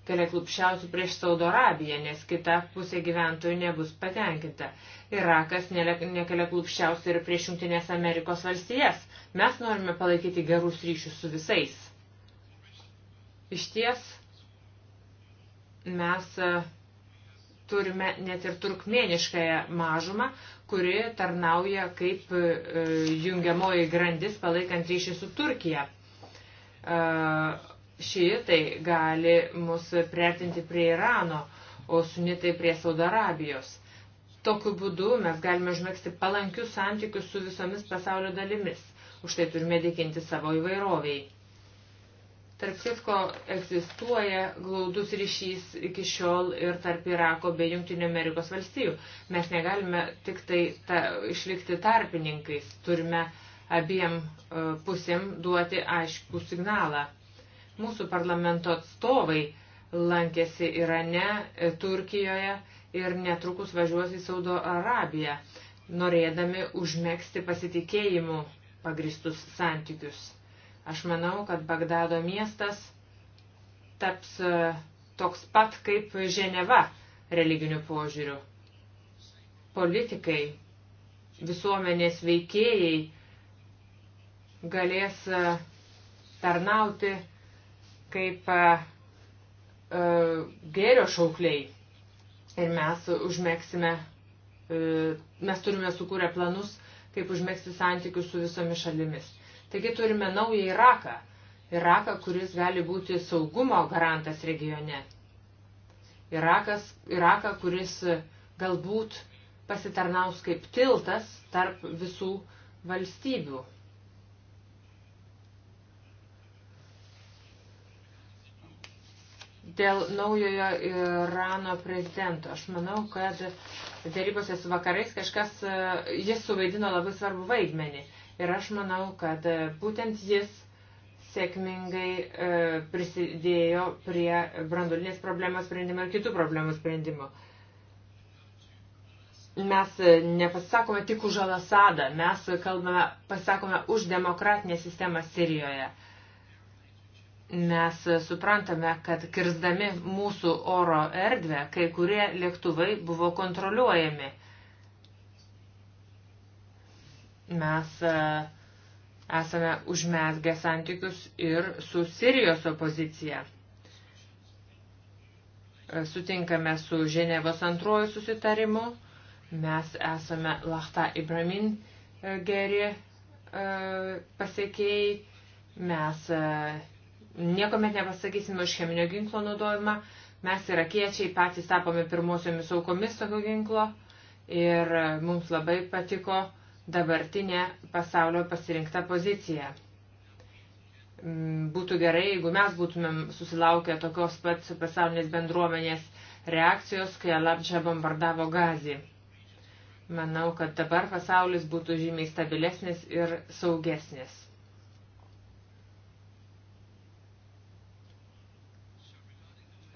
[SPEAKER 3] teleklupščiausių prieš Saudo Arabiją, nes kita pusė gyventojų nebus patenkinta. Irakas nekeleklupščiausių ir prieš Junktinės Amerikos valstijas. Mes norime palaikyti gerus ryšius su visais. Iš ties mes e, turime net ir turkmeniškąją mažumą, kuri tarnauja kaip e, jungiamoji grandis palaikant ryšį su Turkija. E, Šitai gali mus priartinti prie Irano, o sunitai prie Saudo Arabijos. Tokiu būdu mes galime užmėgsti palankius santykius su visomis pasaulio dalimis. Už tai turime dėkinti savo įvairoviai. Tarp kitko egzistuoja glaudus ryšys iki šiol ir tarp Irako bei Junktinio Amerikos valstijų. Mes negalime tik tai ta, išlikti tarpininkais, turime abiem uh, pusėm duoti aiškų signalą. Mūsų parlamento atstovai lankėsi Irane, e, Turkijoje ir netrukus važiuos į Saudo Arabiją, norėdami užmėgsti pasitikėjimų pagristus santykius. Aš manau, kad Bagdado miestas taps e, toks pat kaip Ženeva religinių požiūrių. Politikai, visuomenės veikėjai galės e, tarnauti kaip e, gėrio šaukliai. Ir mes užmėgsime, mes turime sukūrę planus, kaip užmėgsti santykius su visomis šalimis. Taigi turime naują Iraką. Iraką, kuris gali būti saugumo garantas regione. Irakas, Iraką, kuris galbūt pasitarnaus kaip tiltas tarp visų valstybių. Dėl naujojo Irano prezidento. Aš manau, kad dėrybose su vakarais kažkas, jis suvaidino labai svarbu vaidmenį. Ir aš manau, kad e, būtent jis sėkmingai e, prisidėjo prie brandulinės problemos sprendimo ir kitų problemų sprendimo. Mes e, nepasisakome tik už Alasadą, mes kalbame, pasisakome už demokratinę sistemą Sirijoje. Mes suprantame, kad kirzdami mūsų oro erdvę, kai kurie lėktuvai buvo kontroliuojami Mes e, esame užmesgę santykius ir su Sirijos opozicija. E, sutinkame su Ženevos antroju susitarimu. Mes esame Lahta Ibramin e, geri pasiekėjai. Mes niekuomet nepasakysime už cheminio ginklo naudojimą. Mes irakiečiai patys tapome pirmosiomis aukomis tokio ginklo ir mums labai patiko uh, dabartinę pasaulio pasirinktą poziciją. Mm, būtų gerai, jeigu mes būtumėm susilaukę tokios pat pasaulinės bendruomenės reakcijos, kai Alabdžia bombardavo gazį. Manau, kad dabar pasaulis būtų žymiai stabilesnis ir saugesnis.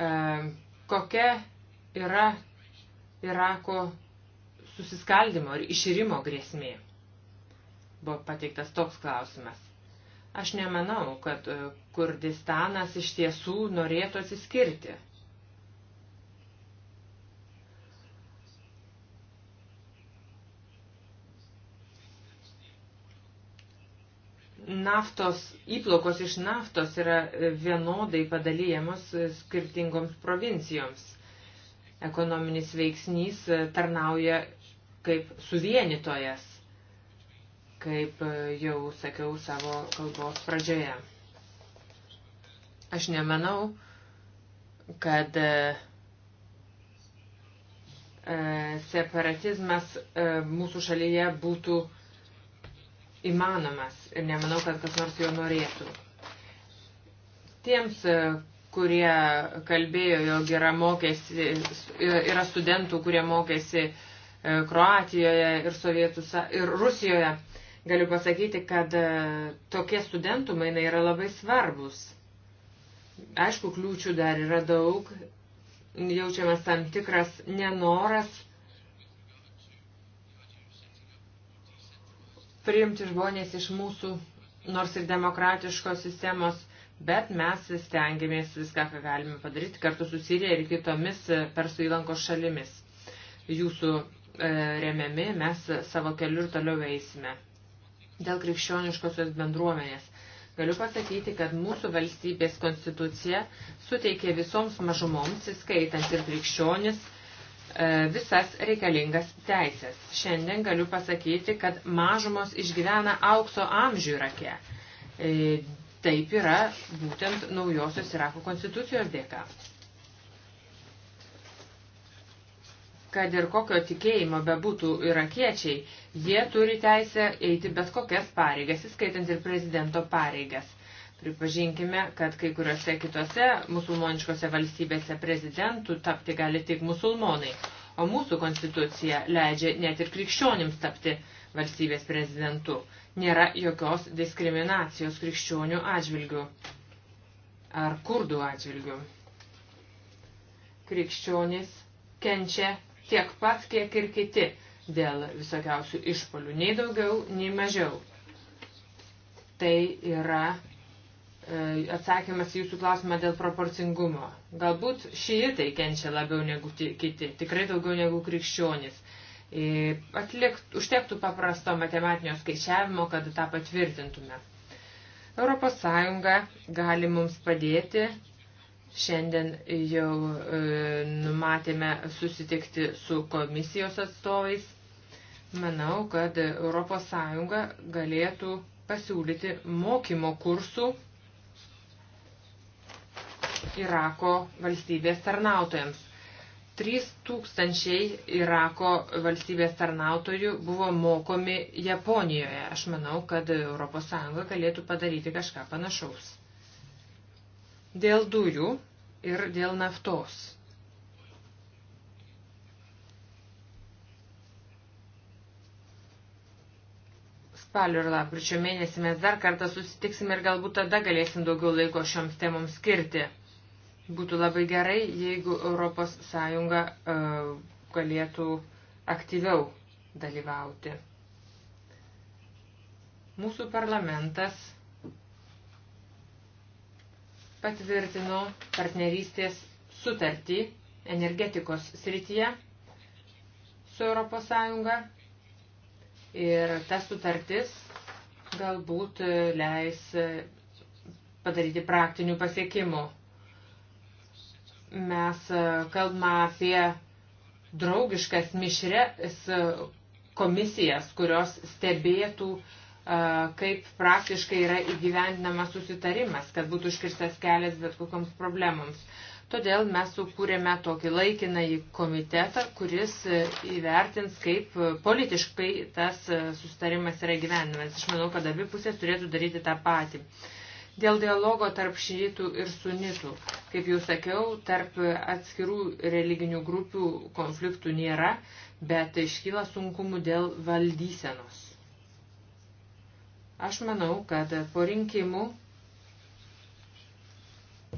[SPEAKER 3] E, kokia yra Irako susiskaldimo ir iširimo grėsmė. Buvo pateiktas toks klausimas. Aš nemanau, kad e, Kurdistanas iš tiesų norėtų atsiskirti. Naftos įplaukos iš naftos yra e, vienodai padalyjamos e, skirtingoms provincijoms ekonominis veiksnys tarnauja kaip suvienitojas, kaip e, jau sakiau savo kalbos pradžioje. Aš nemanau, kad e, e, separatizmas mūsų šalyje būtų įmanomas ir nemanau, kad kas nors jo norėtų. Tiems, kurie kalbėjo, jog yra, mokėsi, yra studentų, kurie mokėsi uh, E, Kroatijoje ir, Sovietų, ir Rusijoje. Galiu pasakyti, kad e, tokie studentų mainai yra labai svarbus. Aišku, kliūčių dar yra daug, jaučiamas tam tikras nenoras priimti žmonės iš mūsų, nors ir demokratiškos sistemos, bet mes stengiamės viską, ką galime padaryti kartu su Sirija ir kitomis e, Persų įlankos šalimis. Jūsų E, remiami, mes savo keliu ir toliau eisime. Dėl krikščioniškosios bendruomenės. Galiu pasakyti, kad mūsų valstybės konstitucija suteikė visoms mažumoms, įskaitant ir krikščionis, e, visas reikalingas teisės. Šiandien galiu pasakyti, kad mažumos išgyvena aukso amžių Irake. E, taip yra būtent naujosios Irako konstitucijos dėka. kad ir kokio tikėjimo bebūtų irakiečiai, jie turi teisę eiti bet kokias pareigas, įskaitant ir prezidento pareigas. Pripažinkime, kad kai kuriuose kitose musulmoniškose valstybėse prezidentų tapti gali tik musulmonai, o mūsų konstitucija leidžia net ir krikščionims tapti valstybės prezidentu. Nėra jokios diskriminacijos krikščionių atžvilgių ar kurdų atžvilgių. Krikščionis kenčia tiek pat, kiek ir kiti dėl visokiausių išpolių, nei daugiau, nei mažiau. Tai yra e, atsakymas jūsų klausimą dėl proporcingumo. Galbūt šiitai kenčia labiau negu kiti, tikrai daugiau negu krikščionis. E, atlikt, užtektų paprasto matematinio skaičiavimo, kad tą patvirtintume. Europos Sąjunga gali mums padėti Šiandien jau e, numatėme susitikti su komisijos atstovais. Manau, kad ES galėtų pasiūlyti mokymo kursų Irako valstybės tarnautojams. 3000 Irako valstybės tarnautojų buvo mokomi Japonijoje. Aš manau, kad ES galėtų padaryti kažką panašaus dėl dujų ir dėl naftos. Spalio ir lapkričio mėnesį mes dar kartą susitiksime ir galbūt tada galėsim daugiau laiko šioms temoms skirti. Būtų labai gerai, jeigu Europos Sąjunga uh, galėtų aktyviau dalyvauti. Mūsų parlamentas patvirtino partnerystės sutartį energetikos srityje su ES ir ta sutartis galbūt leis padaryti praktinių pasiekimų. Mes e, kalbame apie draugiškas mišres e, komisijas, kurios stebėtų uh, kaip praktiškai yra įgyvendinamas susitarimas, kad būtų užkirstas kelias bet kokioms problemams. Todėl mes sukūrėme tokį laikinąjį komitetą, kuris įvertins, kaip politiškai tas susitarimas yra gyvenimas. Aš manau, kad abi pusės turėtų daryti tą patį. Dėl dialogo tarp šytų ir sunitų. Kaip jau sakiau, tarp atskirų religinių grupių konfliktų nėra, bet iškyla sunkumų dėl valdysenos. Aš manau, kad po rinkimų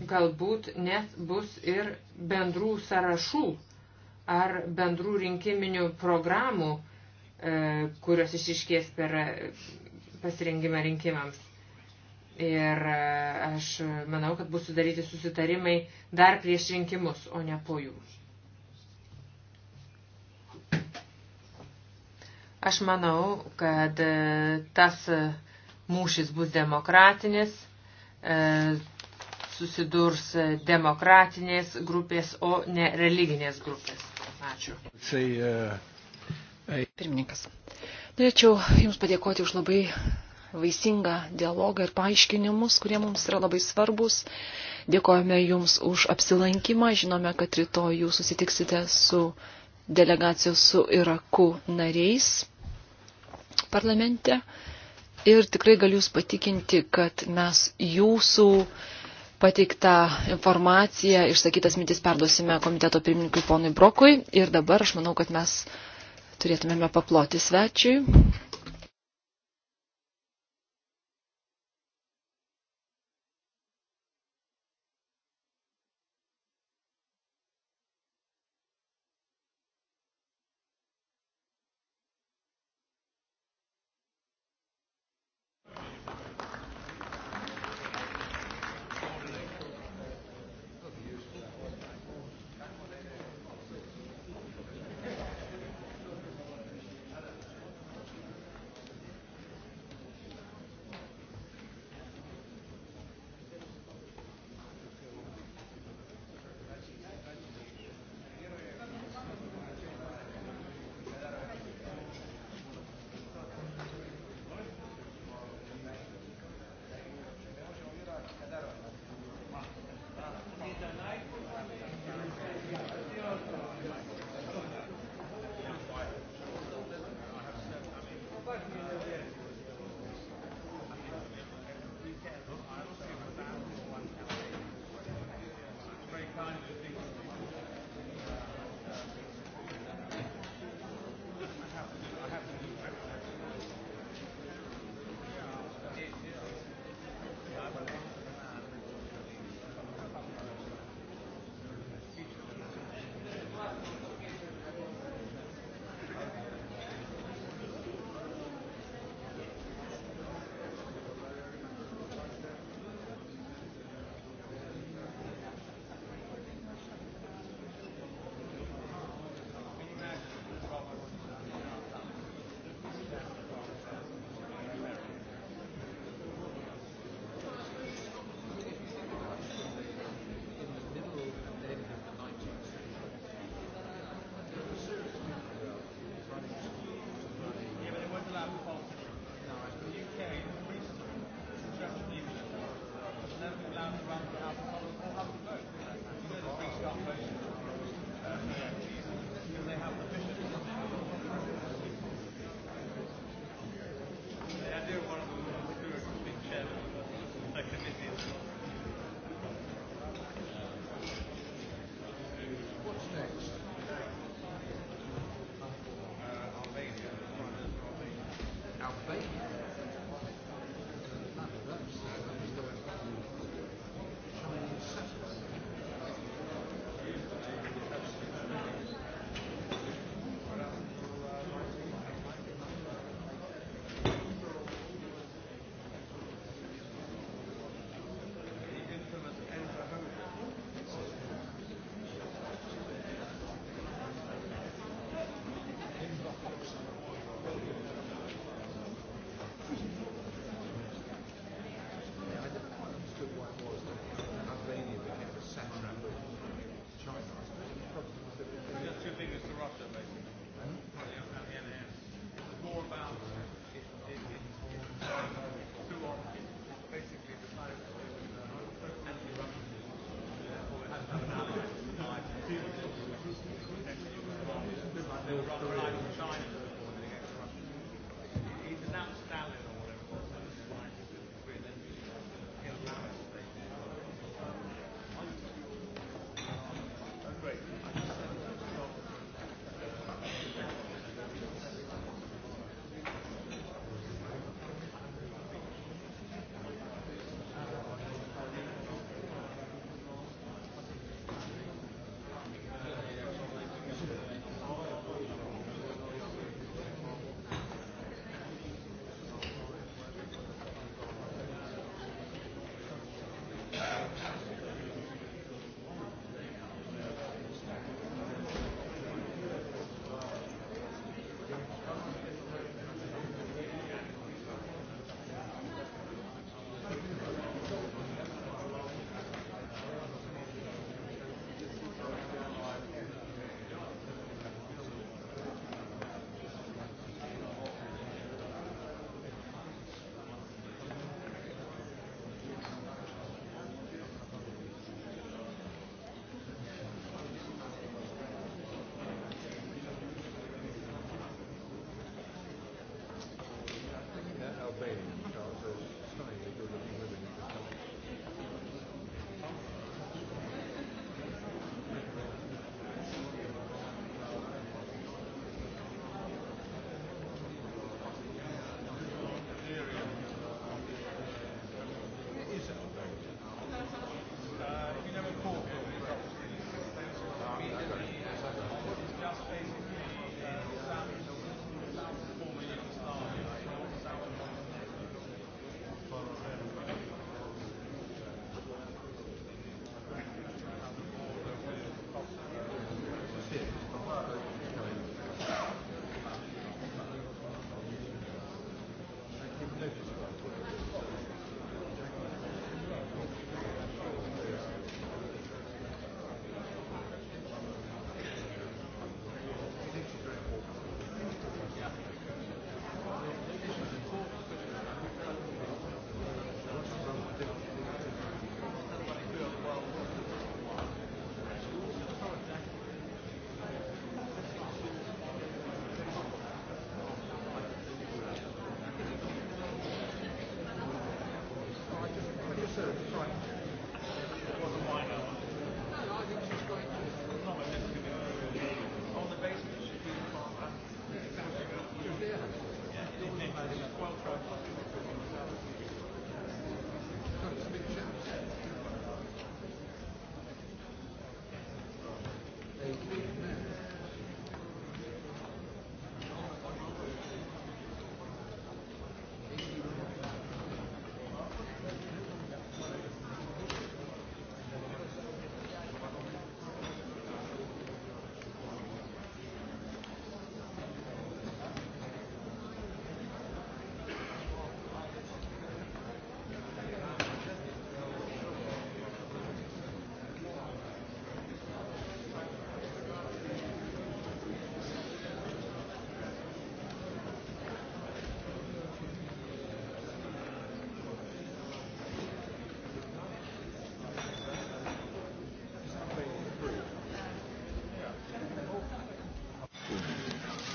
[SPEAKER 3] galbūt net bus ir bendrų sąrašų ar bendrų rinkiminių programų, e, kurios išiškės per e, pasirengimą rinkimams. Ir e, aš manau, kad bus sudaryti susitarimai dar prieš rinkimus, o ne po jų. Aš manau, kad tas Mūšis bus demokratinis, e, susidurs demokratinės grupės, o ne religinės grupės. Ačiū.
[SPEAKER 1] Uh, Pirmininkas.
[SPEAKER 2] Norėčiau Jums padėkoti už labai vaisingą dialogą ir paaiškinimus, kurie mums yra labai svarbus. Dėkojame Jums už apsilankymą. Žinome, kad rytoj Jūs susitiksite su delegacijos su Iraku nariais parlamente. Ir tikrai galiu Jūs patikinti, kad mes Jūsų pateiktą informaciją, išsakytas mintis perduosime komiteto pirmininkui ponui Brokui. Ir dabar aš manau, kad mes turėtumėme paploti svečiui.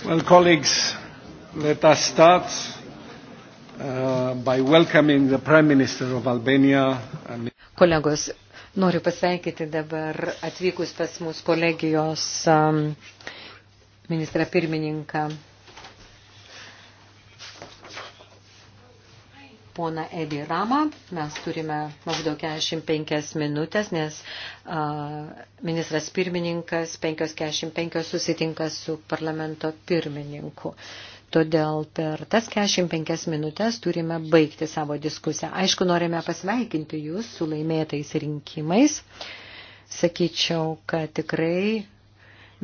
[SPEAKER 1] Well, colleagues, let us start uh, by welcoming the Prime Minister of Albania.
[SPEAKER 4] And... Kolegos, noriu pasveikinti dabar atvykus pas mus kolegijos um, ministrą pirmininką pona Edi Ramą. Mes turime maždaug 45 minutės, nes a, ministras pirmininkas 5.45 susitinka su parlamento pirmininku. Todėl per tas 45 minutės turime baigti savo diskusiją. Aišku, norime pasveikinti Jūs su laimėtais rinkimais. Sakyčiau, kad tikrai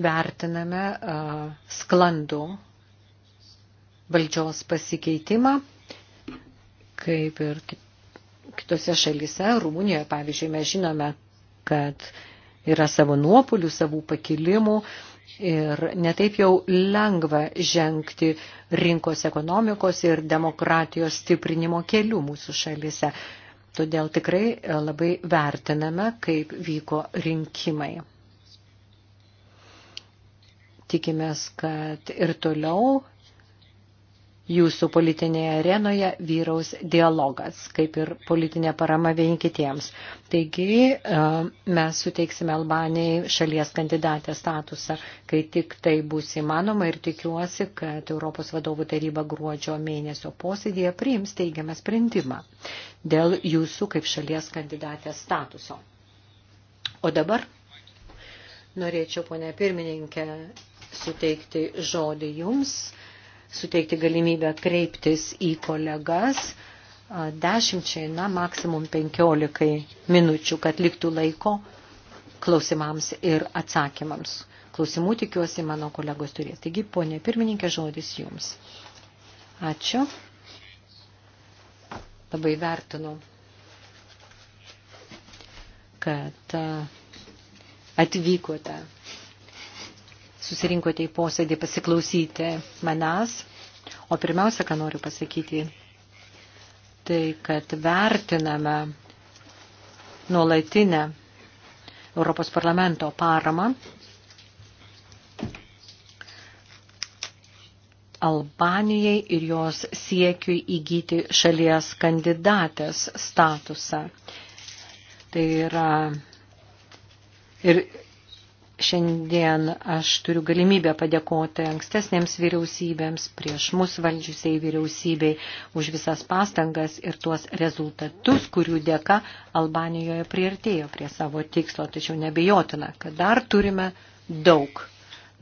[SPEAKER 4] vertiname uh, sklandų valdžios pasikeitimą kaip ir kitose šalyse, Rumunijoje, pavyzdžiui, mes žinome, kad yra savo nuopolių, savų pakilimų ir netaip jau lengva žengti rinkos ekonomikos ir demokratijos stiprinimo kelių mūsų šalyse. Todėl tikrai e, labai vertiname, kaip vyko rinkimai. Tikimės, kad ir toliau jūsų politinėje arenoje vyraus dialogas, kaip ir politinė parama vieni kitiems. Taigi e, mes suteiksime Albanijai šalies kandidatę statusą, kai tik tai bus įmanoma ir tikiuosi, kad Europos vadovų taryba gruodžio mėnesio posėdėje priims teigiamą sprendimą dėl jūsų kaip šalies kandidatės statuso. O dabar norėčiau, ponia pirmininkė, suteikti žodį jums suteikti galimybę kreiptis į kolegas dešimčiai, na, maksimum penkiolikai minučių, kad liktų laiko klausimams ir atsakymams. Klausimų tikiuosi mano kolegos turės. Taigi, ponė pirmininkė, žodis jums. Ačiū. Labai vertinu, kad atvykote susirinkote į posėdį pasiklausyti manęs. O pirmiausia, ką noriu pasakyti, tai kad vertiname nuolatinę Europos parlamento paramą Albanijai ir jos siekiui įgyti šalies kandidatės statusą. Tai yra ir Šiandien aš turiu galimybę padėkoti ankstesnėms vyriausybėms, prieš mus valdžiusiai vyriausybei už visas pastangas ir tuos rezultatus, kurių dėka Albanijoje priartėjo prie savo tikslo, tačiau nebejotina, kad dar turime daug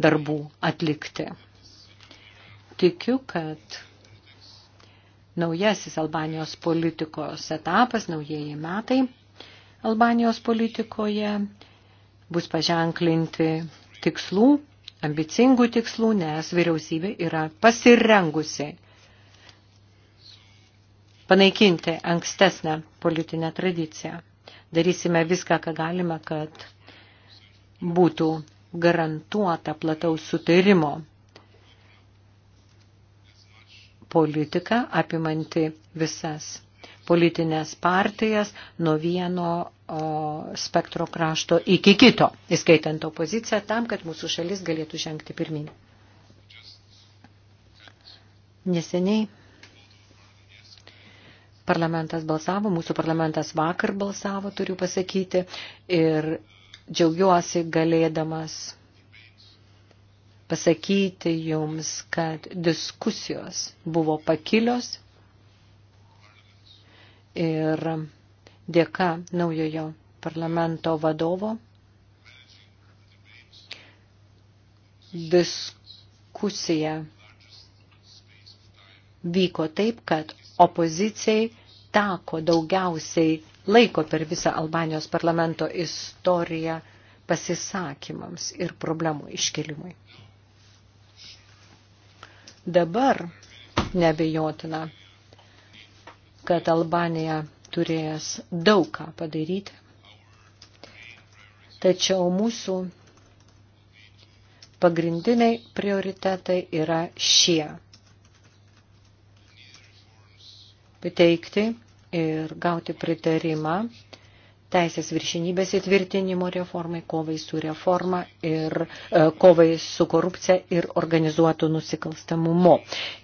[SPEAKER 4] darbų atlikti. Tikiu, kad naujasis Albanijos politikos etapas, naujieji metai Albanijos politikoje bus paženklinti tikslų, ambicingų tikslų, nes vyriausybė yra pasirengusi panaikinti ankstesnę politinę tradiciją. Darysime viską, ką galime, kad būtų garantuota plataus sutarimo politika apimanti visas politinės partijas nuo vieno spektro krašto iki kito, įskaitant opoziciją, tam, kad mūsų šalis galėtų žengti pirmin. Neseniai parlamentas balsavo, mūsų parlamentas vakar balsavo, turiu pasakyti, ir džiaugiuosi galėdamas pasakyti jums, kad diskusijos buvo pakilios ir dėka naujojo parlamento vadovo diskusija vyko taip, kad opozicijai tako daugiausiai laiko per visą Albanijos parlamento istoriją pasisakymams ir problemų iškelimui. Dabar nebejotina, kad Albanija turėjęs daug ką padaryti. Tačiau mūsų pagrindiniai prioritetai yra šie. Pateikti ir gauti pritarimą teisės viršinybės įtvirtinimo reformai, kovai su reforma ir e, kovai su korupcija ir organizuotų nusikalstamumu.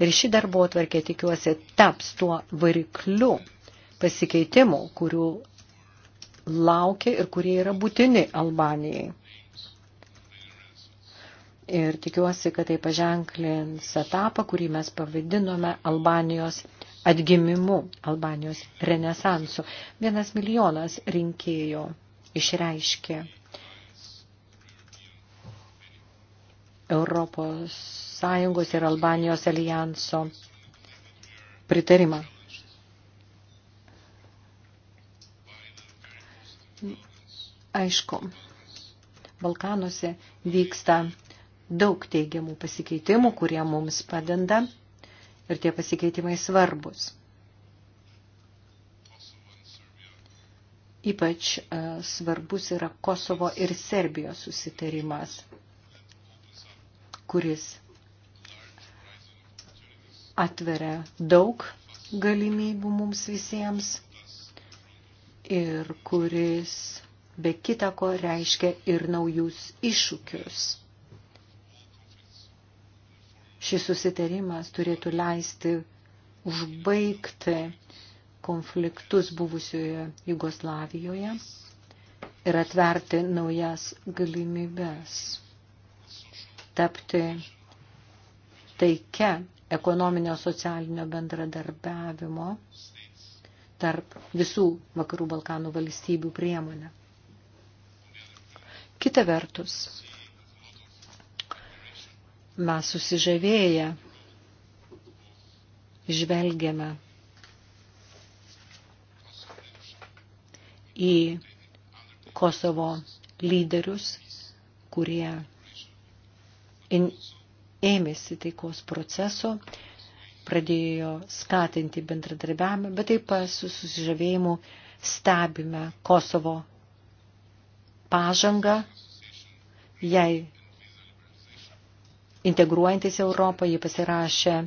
[SPEAKER 4] Ir ši darbo atvarkė, tikiuosi, taps tuo varikliu pasikeitimų, kurių laukia ir kurie yra būtini Albanijai. Ir tikiuosi, kad tai paženklins etapą, kurį mes pavadinome Albanijos atgimimu, Albanijos renesansu. Vienas milijonas rinkėjo išreiškė Europos Sąjungos ir Albanijos alijanso pritarimą. Aišku, Balkanuose vyksta daug teigiamų pasikeitimų, kurie mums padeda ir tie pasikeitimai svarbus. Ypač e, svarbus yra Kosovo ir Serbijos susitarimas, kuris atveria daug galimybių mums visiems ir kuris be kitako reiškia ir naujus iššūkius. Šis susitarimas turėtų leisti užbaigti konfliktus buvusioje Jugoslavijoje ir atverti naujas galimybės tapti taikia ekonominio socialinio bendradarbiavimo tarp visų Vakarų Balkanų valstybių priemonę. Kita vertus, mes susižavėję žvelgiame į Kosovo lyderius, kurie in, ėmėsi taikos proceso, pradėjo skatinti bendradarbiavimą, bet taip pat su susižavėjimu stebime Kosovo pažangą, jai integruojantis Europą, jį pasirašė a,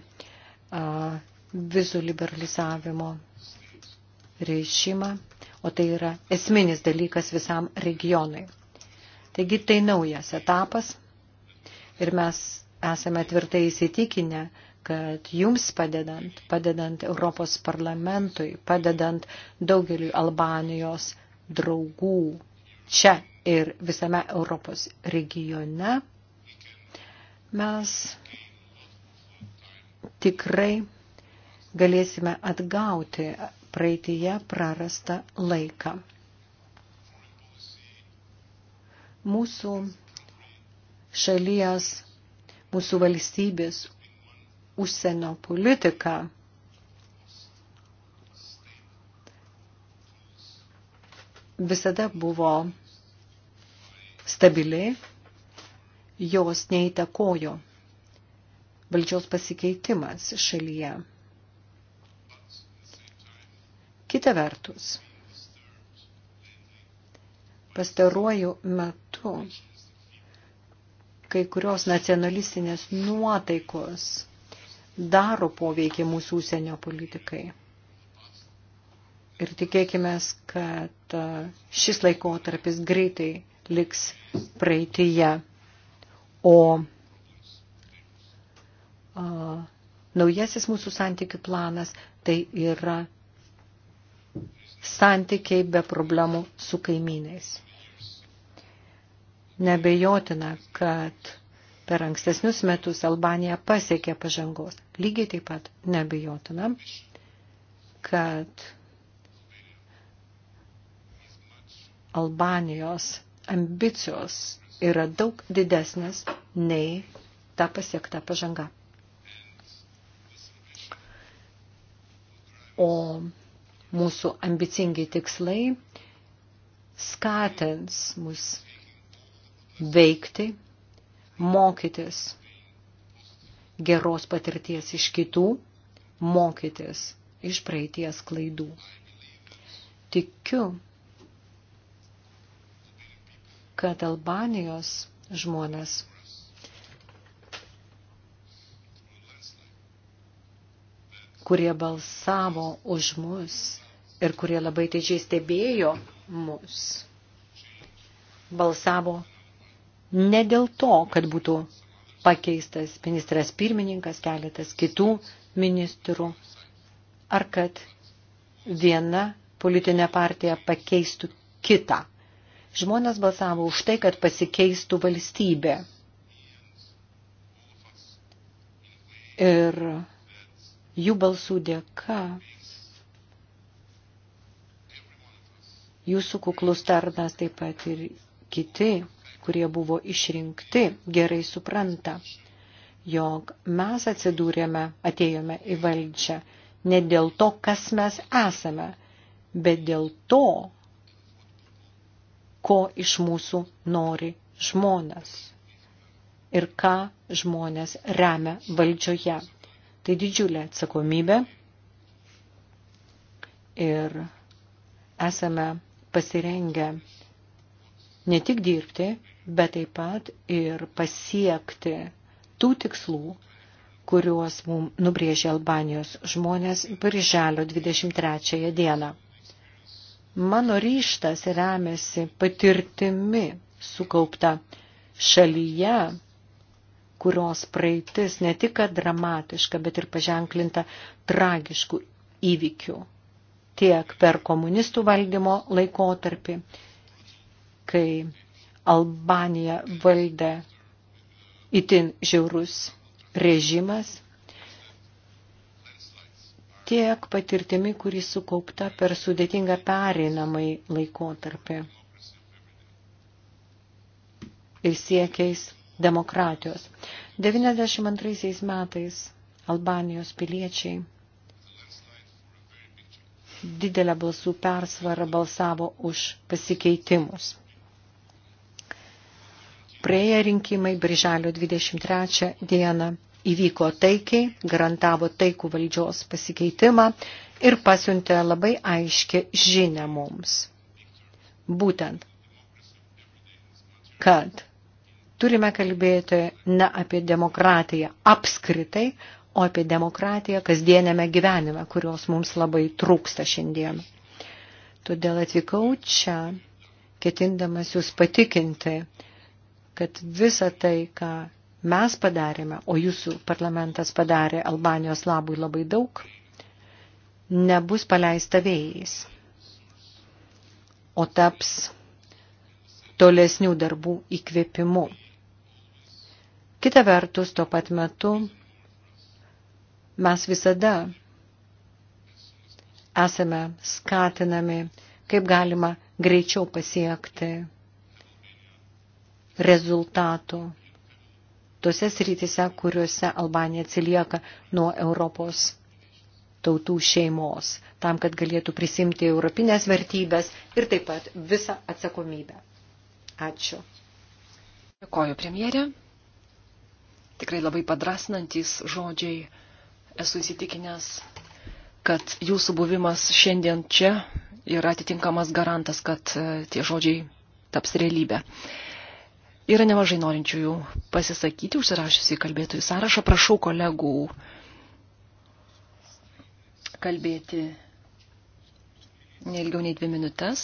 [SPEAKER 4] vizų liberalizavimo reišimą, o tai yra esminis dalykas visam regionui. Taigi tai naujas etapas ir mes esame tvirtai įsitikinę, kad jums padedant, padedant Europos parlamentui, padedant daugeliu Albanijos draugų čia ir visame Europos regione mes tikrai galėsime atgauti praeitįje prarastą laiką. Mūsų šalies, mūsų valstybės užsienio politika visada buvo stabiliai, jos neįtakojo valdžios pasikeitimas šalyje. Kita vertus, pastaruoju metu kai kurios nacionalistinės nuotaikos daro poveikį mūsų užsienio politikai. Ir tikėkime, kad šis laikotarpis greitai liks praeitėje. O a, naujasis mūsų santykių planas tai yra santykiai be problemų su kaimynais. Nebejotina, kad per ankstesnius metus Albanija pasiekė pažangos. Lygiai taip pat nebejotina, kad Albanijos ambicijos yra daug didesnės nei ta pasiekta pažanga. O mūsų ambicingi tikslai skatins mus veikti, mokytis geros patirties iš kitų, mokytis iš praeities klaidų. Tikiu, kad Albanijos žmonės kurie balsavo už mus ir kurie labai teidžiai stebėjo mus, balsavo ne dėl to, kad būtų pakeistas ministras pirmininkas, keletas kitų ministrų, ar kad viena politinė partija pakeistų kitą. Žmonės balsavo už tai, kad pasikeistų valstybė. Ir jų balsų dėka jūsų kuklus tarnas taip pat ir kiti, kurie buvo išrinkti, gerai supranta, jog mes atsidūrėme, atėjome į valdžią ne dėl to, kas mes esame, bet dėl to, ko iš mūsų nori žmonės ir ką žmonės remia valdžioje. Tai didžiulė atsakomybė ir esame pasirengę ne tik dirbti, bet taip pat ir pasiekti tų tikslų, kuriuos mums nubrėžė Albanijos žmonės birželio 23 dieną. Mano ryštas remiasi patirtimi sukaupta šalyje, kurios praeitis ne tik dramatiška, bet ir paženklinta tragiškų įvykių tiek per komunistų valdymo laikotarpį, kai Albanija valdė itin žiaurus režimas tiek patirtimi, kuris sukaupta per sudėtingą pereinamai laikotarpį ir siekiais demokratijos. 92 metais Albanijos piliečiai didelę balsų persvarą balsavo už pasikeitimus. Praėję rinkimai Birželio 23 dieną įvyko taikiai, garantavo taikų valdžios pasikeitimą ir pasiuntė labai aiškį žinę mums. Būtent, kad turime kalbėti ne apie demokratiją apskritai, o apie demokratiją kasdienėme gyvenime, kurios mums labai trūksta šiandien. Todėl atvykau čia, ketindamas jūs patikinti, kad visa tai, ką mes padarėme, o jūsų parlamentas padarė Albanijos labui labai daug, nebus paleista vėjais, o taps tolesnių darbų įkvėpimu. Kita vertus, tuo pat metu mes visada esame skatinami, kaip galima greičiau pasiekti rezultatų tose srityse, kuriuose Albanija atsilieka nuo Europos tautų šeimos, tam, kad galėtų prisimti europinės vertybės ir taip pat visą atsakomybę. Ačiū. Dėkoju, premjerė.
[SPEAKER 2] Tikrai labai padrasnantis žodžiai. Esu įsitikinęs, kad jūsų buvimas šiandien čia yra atitinkamas garantas, kad e, tie žodžiai taps realybė. Yra nemažai norinčiųjų pasisakyti, užsirašysi į kalbėtojų sąrašą. Prašau kolegų kalbėti neilgiau nei dvi minutės,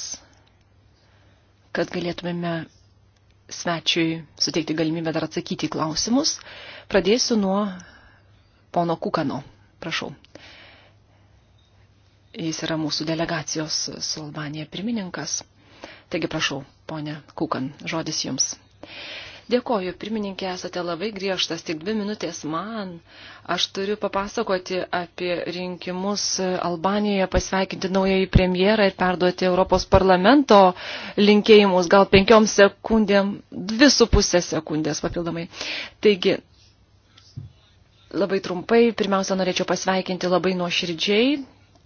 [SPEAKER 2] kad galėtumėme svečiui suteikti galimybę dar atsakyti į klausimus. Pradėsiu nuo pono Kukano. Prašau. Jis yra mūsų delegacijos su Albanija pirmininkas. Taigi prašau, ponė Kukan, žodis jums. Dėkoju, pirmininkė, esate labai griežtas, tik dvi minutės man. Aš turiu papasakoti apie rinkimus Albanijoje, pasveikinti naująjį premjerą ir perduoti Europos parlamento linkėjimus, gal penkiom sekundėm, dvi su pusė sekundės papildomai. Taigi, labai trumpai, pirmiausia, norėčiau pasveikinti labai nuoširdžiai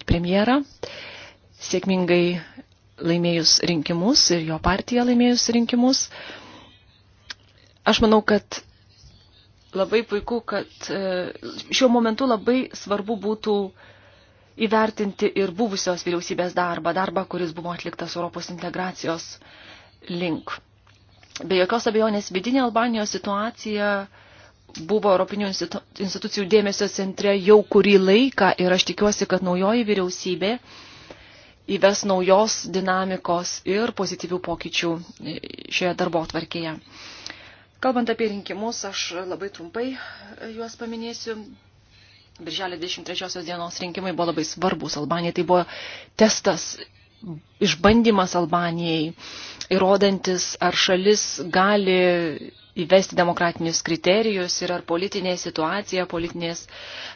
[SPEAKER 2] premjerą, sėkmingai laimėjus rinkimus ir jo partija laimėjus rinkimus. Aš manau, kad labai puiku, kad e, šiuo momentu labai svarbu būtų įvertinti ir buvusios vyriausybės darbą, darbą, kuris buvo atliktas Europos integracijos link. Be jokios abejonės vidinė Albanijos situacija buvo Europinių institucijų dėmesio centre jau kurį laiką ir aš tikiuosi, kad naujoji vyriausybė įves naujos dinamikos ir pozityvių pokyčių e, šioje darbo atvarkėje. Kalbant apie rinkimus, aš labai trumpai e, juos paminėsiu. Birželio 23 dienos rinkimai buvo labai svarbus Albanijai. Tai buvo testas, išbandymas Albanijai, įrodantis, ar šalis gali įvesti demokratinius kriterijus ir ar politinė situacija, politinės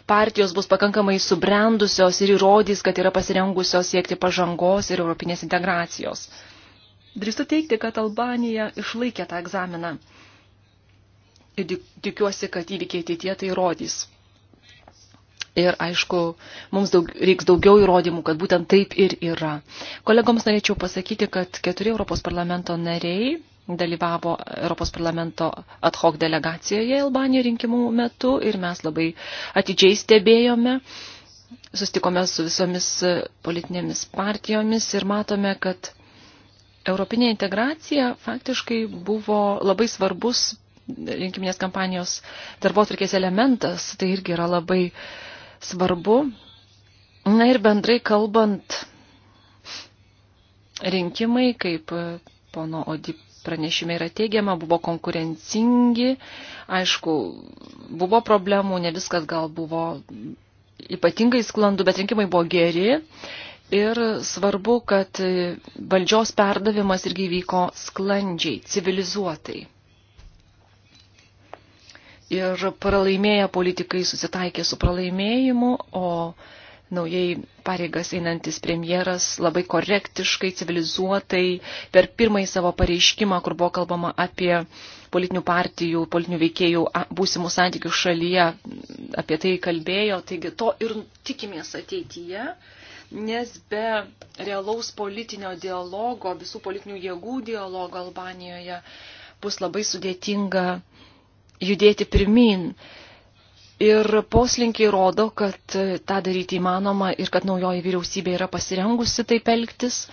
[SPEAKER 2] partijos bus pakankamai subrendusios ir įrodys, kad yra pasirengusios siekti pažangos ir europinės integracijos. Drįstu teikti, kad Albanija išlaikė tą egzaminą ir tikiuosi, kad įvykiai ateitie tai įrodys. Ir aišku, mums daug, reiks daugiau įrodymų, kad būtent taip ir yra. Kolegoms norėčiau pasakyti, kad keturi Europos parlamento nariai dalyvavo Europos parlamento ad hoc delegacijoje Albanijoje rinkimų metu ir mes labai atidžiai stebėjome, sustikome su visomis politinėmis partijomis ir matome, kad europinė integracija faktiškai buvo labai svarbus rinkiminės kampanijos darbotvarkės elementas, tai irgi yra labai svarbu. Na ir bendrai kalbant, rinkimai, kaip pono Odi pranešime yra teigiama, buvo konkurencingi, aišku, buvo problemų, ne viskas gal buvo ypatingai sklandu, bet rinkimai buvo geri ir svarbu, kad valdžios perdavimas irgi vyko sklandžiai, civilizuotai ir pralaimėję politikai susitaikė su pralaimėjimu, o naujai pareigas einantis premjeras labai korektiškai, civilizuotai per pirmąjį savo pareiškimą, kur buvo kalbama apie politinių partijų, politinių veikėjų būsimų santykių šalyje, apie tai kalbėjo. Taigi to ir tikimės ateityje, nes be realaus politinio dialogo, visų politinių jėgų dialogo Albanijoje bus labai sudėtinga judėti pirmin. Ir poslinkiai rodo, kad e, tą daryti įmanoma ir kad naujoji vyriausybė yra pasirengusi taip elgtis.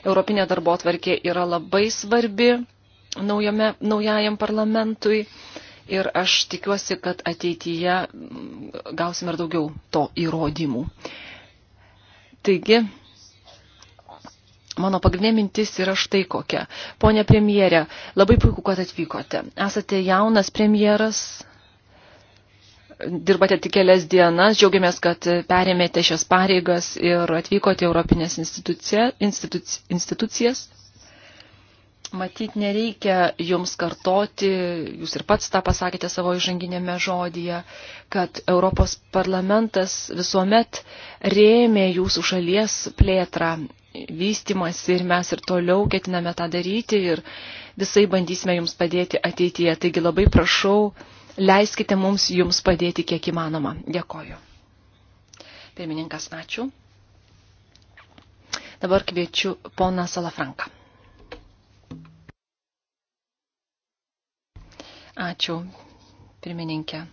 [SPEAKER 2] Europinė darbo atvarkė yra labai svarbi naujame, naujajam parlamentui ir aš tikiuosi, kad ateityje gausime ir daugiau to įrodymų. Taigi, Mano pagrindinė mintis yra štai kokia. Pone premjerė, labai puiku, kad atvykote. Esate jaunas premjeras, dirbate tik kelias dienas, džiaugiamės, kad perėmėte šias pareigas ir atvykote Europinės institucija, instituci, institucijas. Matyt, nereikia jums kartoti, jūs ir pats tą pasakėte savo įžanginėme žodyje, kad Europos parlamentas visuomet rėmė jūsų šalies plėtrą vystimasi ir mes ir toliau ketiname tą daryti ir visai bandysime jums padėti ateityje. Taigi labai prašau, leiskite mums jums padėti kiek įmanoma. Dėkoju. Pirmininkas, ačiū. Dabar kviečiu poną Salafranką. Ačiū, pirmininkė.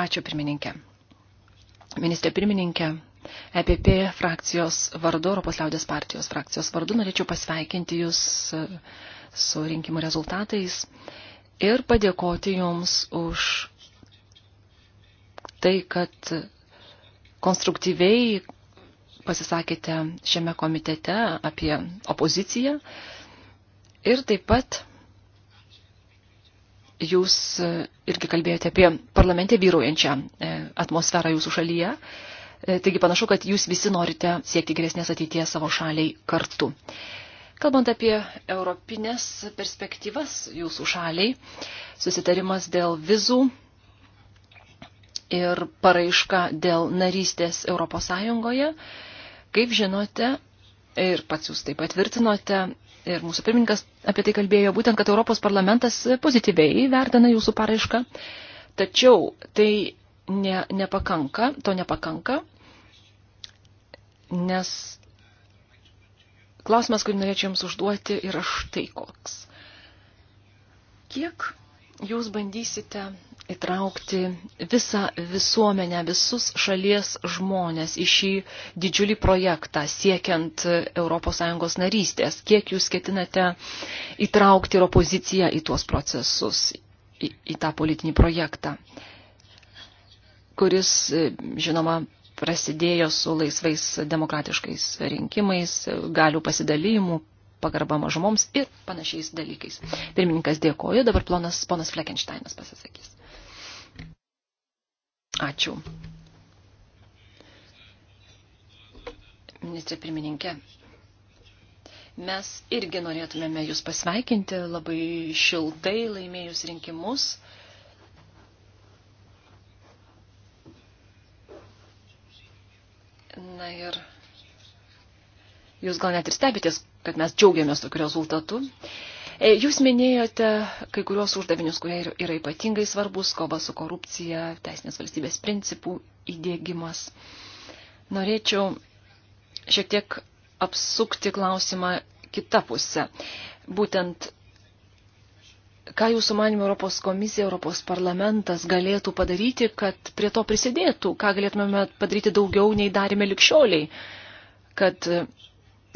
[SPEAKER 2] Ačiū pirmininkė. Ministrė pirmininkė, EPP frakcijos vardu, Europos liaudės partijos frakcijos vardu, norėčiau pasveikinti Jūs e, su rinkimų rezultatais ir padėkoti Jums už tai, kad konstruktyviai pasisakėte šiame komitete apie opoziciją ir taip pat jūs e, irgi kalbėjote apie parlamente vyraujančią e, atmosferą jūsų šalyje. E, taigi panašu, kad jūs visi norite siekti geresnės ateities savo šaliai kartu. Kalbant apie europinės perspektyvas jūsų šaliai, susitarimas dėl vizų ir paraiška dėl narystės Europos Sąjungoje, kaip žinote, ir pats jūs tai patvirtinote, ir mūsų pirmininkas apie tai kalbėjo, būtent, kad Europos parlamentas pozityviai vertina jūsų paraišką, tačiau tai ne, nepakanka, to nepakanka, nes klausimas, kurį norėčiau Jums užduoti, yra štai koks. Kiek Jūs bandysite įtraukti visą visuomenę, visus šalies žmonės į šį didžiulį projektą siekiant ES narystės. Kiek jūs ketinate įtraukti ir opoziciją į tuos procesus, į, į tą politinį projektą, kuris, žinoma, prasidėjo su laisvais demokratiškais rinkimais, galių pasidalymų, pagarba mažumoms ir panašiais dalykais. Pirmininkas dėkoju, dabar plonas, ponas Fleckensteinas pasisakys. Ačiū. Ministrė pirmininkė, mes irgi norėtumėme Jūs pasveikinti labai šiltai laimėjus rinkimus. Na ir Jūs gal net ir stebitės, kad mes džiaugiamės tokiu rezultatu. E, jūs minėjote kai kurios uždavinius, kurie yra ypatingai svarbus, kova su korupcija, teisinės valstybės principų įdėgymas. Norėčiau šiek tiek apsukti klausimą kitą pusę. Būtent, ką jūsų manimo Europos komisija, Europos parlamentas galėtų padaryti, kad prie to prisidėtų, ką galėtumėme padaryti daugiau nei darėme likščioliai, kad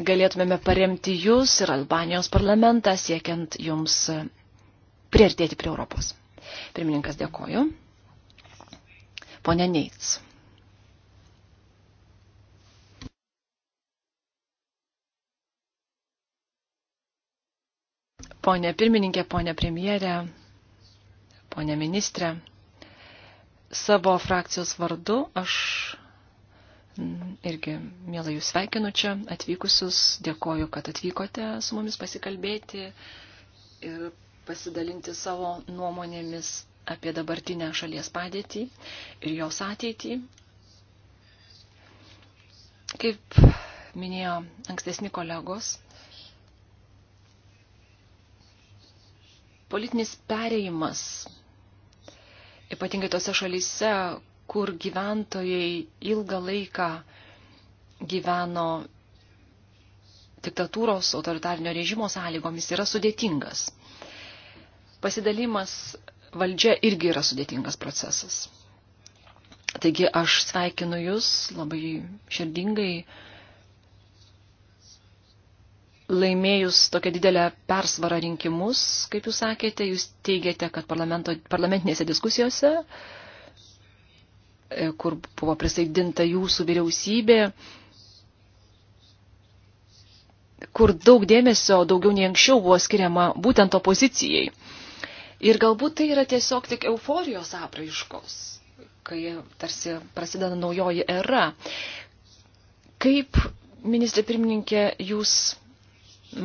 [SPEAKER 2] galėtumėme paremti jūs ir Albanijos parlamentą, siekiant jums e, priartėti prie Europos. Pirmininkas dėkoju. Pone Neits. Pone pirmininkė, pone premjerė, pone ministrė, savo frakcijos vardu aš Mm, irgi mielai jūs sveikinu čia atvykusius, dėkoju, kad atvykote su mumis pasikalbėti ir pasidalinti savo nuomonėmis apie dabartinę šalies padėtį ir jos ateitį. Kaip minėjo ankstesni kolegos, politinis pereimas, ypatingai tose šalyse, kur gyventojai ilgą laiką gyveno diktatūros autoritarnio režimo sąlygomis, yra sudėtingas. Pasidalimas valdžia irgi yra sudėtingas procesas. Taigi aš sveikinu Jūs labai širdingai laimėjus tokią didelę persvarą rinkimus, kaip Jūs sakėte, Jūs teigiate, kad parlamentinėse diskusijose uh, E, kur buvo prisaidinta jūsų vyriausybė, kur daug dėmesio, daugiau nei anksčiau buvo skiriama būtent opozicijai. Ir galbūt tai yra tiesiog tik euforijos apraiškos, kai tarsi prasideda naujoji era. Kaip, ministrė pirmininkė, jūs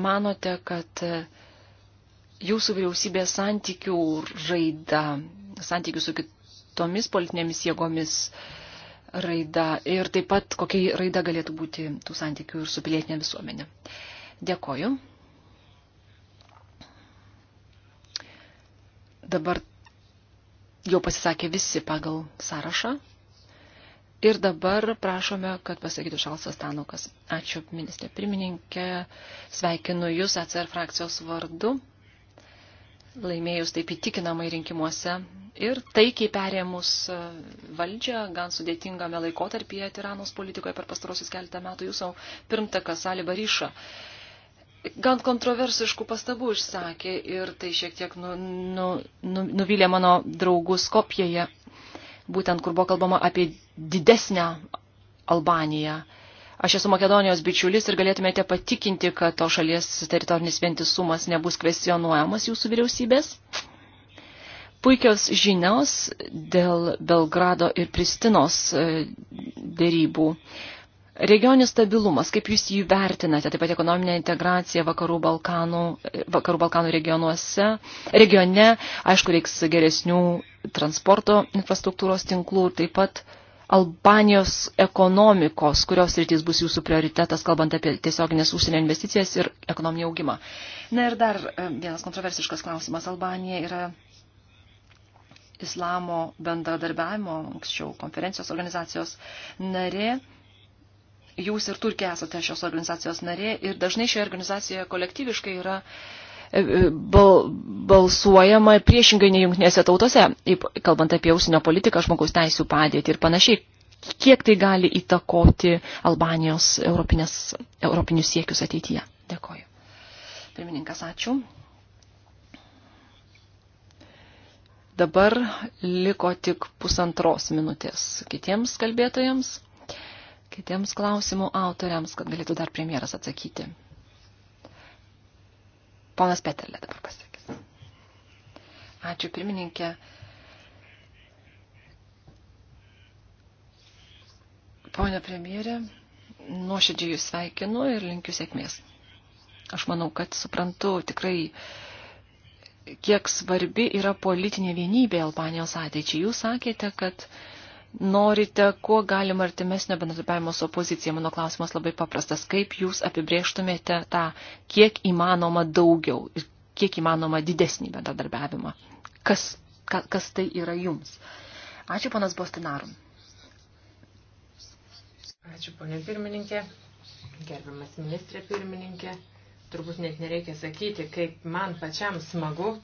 [SPEAKER 2] manote, kad jūsų vyriausybės santykių raida, santykių su kitais? tomis politinėmis jėgomis raida ir taip pat kokia raida galėtų būti tų santykių ir su pilietinė visuomenė. Dėkoju. Dabar jau pasisakė visi pagal sąrašą. Ir dabar prašome, kad pasakytų Šalsas Tanukas. Ačiū, ministrė pirmininkė. Sveikinu Jūs ACR frakcijos vardu laimėjus taip įtikinamai rinkimuose ir taikiai perėmus e, valdžią gan sudėtingame laikotarpyje Tiranos politikoje per pastarosius keletą metų jūsų pirmtakas Ali Baryša. Gan kontroversiškų pastabų išsakė ir tai šiek tiek nu, nu, nu, nuvylė mano draugus Kopijoje, būtent kur buvo kalbama apie didesnę Albaniją Aš esu Makedonijos bičiulis ir galėtumėte patikinti, kad to šalies teritorinis vientisumas nebus kvestionuojamas jūsų vyriausybės. Puikios žinios dėl Belgrado ir Pristinos e, dėrybų. Regioninis stabilumas, kaip jūs jį vertinate, taip pat ekonominė integracija vakarų Balkanų, e, vakarų Balkanų regionuose, regione, aišku, reiks geresnių transporto infrastruktūros tinklų, taip pat uh, Albanijos ekonomikos, kurios rytis bus jūsų prioritetas, kalbant apie tiesioginės užsienio investicijas ir ekonominį augimą. Na ir dar e, vienas kontroversiškas klausimas. Albanija yra islamo bendradarbiavimo, anksčiau konferencijos organizacijos narė. Jūs ir Turkija esate šios organizacijos narė ir dažnai šioje organizacijoje kolektyviškai yra uh, bal, balsuojama priešingai nei jungtinėse tautose, kalbant apie ausinio politiką, žmogaus teisų padėtį ir panašiai. Kiek tai gali įtakoti Albanijos europinius siekius ateityje? Dėkoju. Pirmininkas, ačiū. Dabar liko tik pusantros minutės kitiems kalbėtojams, kitiems klausimų autoriams, kad galėtų dar premjeras atsakyti. Ponas Peterle dabar pasakys. Ačiū pirmininkė. Pone premjerė, nuoširdžiai jūs sveikinu ir linkiu sėkmės. Aš manau, kad suprantu tikrai, kiek svarbi yra politinė vienybė Albanijos ateičiai. Jūs sakėte, kad uh, norite kuo galima artimesnio bendradarbiavimo su opozicija. Mano klausimas labai paprastas. Kaip jūs apibrėžtumėte tą kiek įmanoma daugiau ir kiek įmanoma didesnį bendradarbiavimą? Kas, ka, kas tai yra jums? Ačiū, panas Bostinarum.
[SPEAKER 3] Ačiū, ponė pirmininkė. Gerbiamas ministrė pirmininkė. Turbūt net nereikia sakyti, kaip man pačiam smagu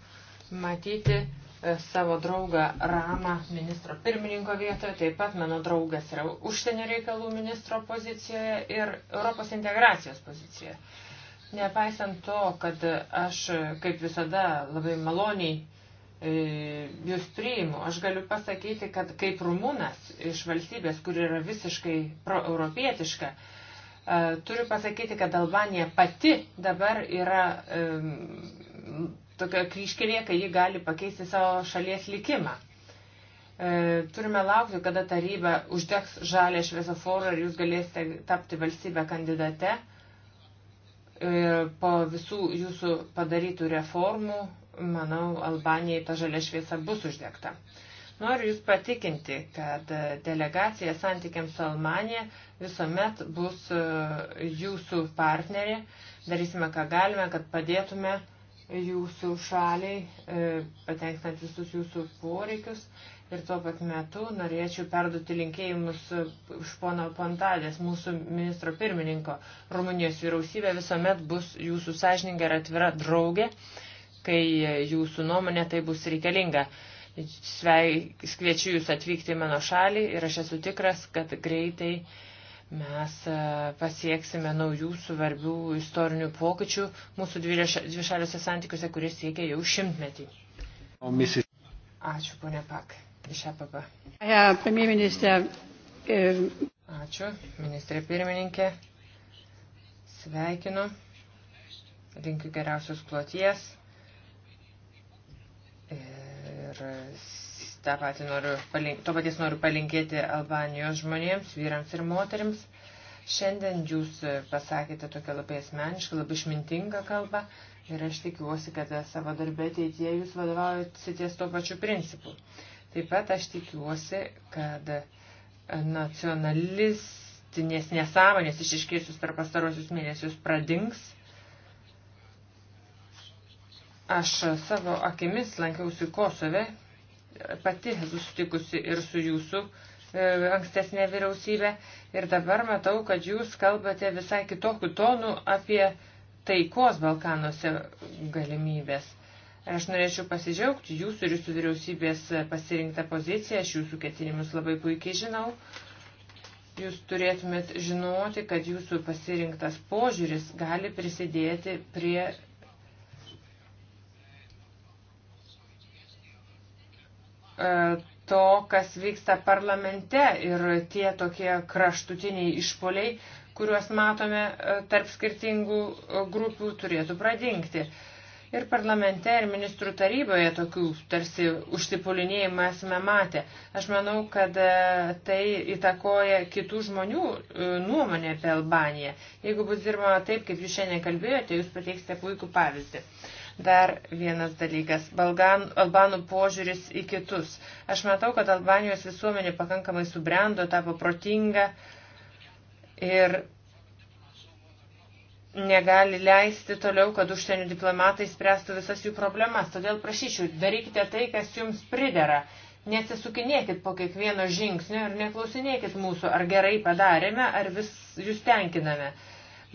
[SPEAKER 3] matyti E, savo draugą Ramą ministro pirmininko vietoje, taip pat mano draugas yra užsienio reikalų ministro pozicijoje ir Europos integracijos pozicijoje. Nepaisant to, kad aš kaip visada labai maloniai e, jūs priimu, aš galiu pasakyti, kad kaip rumūnas iš valstybės, kur yra visiškai proeuropietiška, e, turiu pasakyti, kad Albanija pati dabar yra tokioje kryškelėje, kai ji gali pakeisti savo šalies likimą. E, turime laukti, kada taryba uždegs žalę šviesoforą ir jūs galėsite tapti valstybę kandidate. E, po visų jūsų padarytų reformų, manau, Albanijai ta žalia šviesa bus uždegta. Noriu Jūs patikinti, kad delegacija santykiams su Almanija visuomet bus e, Jūsų partnerė. Darysime, ką galime, kad padėtume jūsų šaliai, e, pateikstant visus jūsų poreikius. Ir tuo pat metu norėčiau perduoti linkėjimus iš e, pono Pontadės, mūsų ministro pirmininko. Rumunijos vyriausybė visuomet bus jūsų sąžininga ir atvira draugė, kai e, jūsų nuomonė tai bus reikalinga. Sveik, kviečiu jūs atvykti į mano šalį ir aš esu tikras, kad greitai uh, mes e, pasieksime naujų svarbių istorinių pokyčių mūsų dvišaliuose santykiuose, kurie siekia jau šimtmetį. Ačiū, ponė Pak, iš APP. E äh, Ačiū, ministrė pirmininkė. Sveikinu. Linkiu geriausios kloties. Ir tą patį noriu, palink, to paties noriu palinkėti Albanijos žmonėms, vyrams ir moterims. Šiandien jūs pasakėte tokią labai asmenišką, labai išmintingą kalbą ir aš tikiuosi, kad savo darbę ateityje jūs vadovaujatės tuo pačiu principu. Taip pat aš tikiuosi, kad nacionalistinės nesąmonės išiškėjusius per pastarosius mėnesius pradings Aš savo akimis lankiausi Kosove pati esu sutikusi ir su jūsų e, ankstesnė vyriausybė ir dabar matau, kad jūs kalbate visai kitokiu tonu apie taikos Balkanuose galimybės. Aš norėčiau pasidžiaugti jūsų ir jūsų vyriausybės pasirinktą poziciją, aš jūsų ketinimus labai puikiai žinau. Jūs turėtumėt žinoti, kad jūsų pasirinktas požiūris gali prisidėti prie E, to, kas vyksta parlamente ir tie tokie kraštutiniai išpoliai, kuriuos matome e, tarp skirtingų e, grupių, turėtų pradingti. Ir parlamente, ir ministrų taryboje tokių tarsi užsipulinėjimų esame matę. Aš manau, kad tai įtakoja kitų žmonių nuomonę apie Albaniją. Jeigu bus dirbama taip, kaip jūs šiandien kalbėjote, jūs pateiksite puikų pavyzdį. Uh, Dar vienas dalykas – Balgan, Albanų požiūris į kitus. Aš matau, kad Albanijos visuomenė pakankamai subrendo, tapo protinga ir negali leisti toliau, kad užsienio diplomatai spręstų visas jų problemas. Todėl prašyčiau, darykite tai, kas jums pridera. Nesisukinėkit po kiekvieno žingsnio ir neklausinėkit mūsų, ar gerai padarėme, ar vis jūs tenkiname.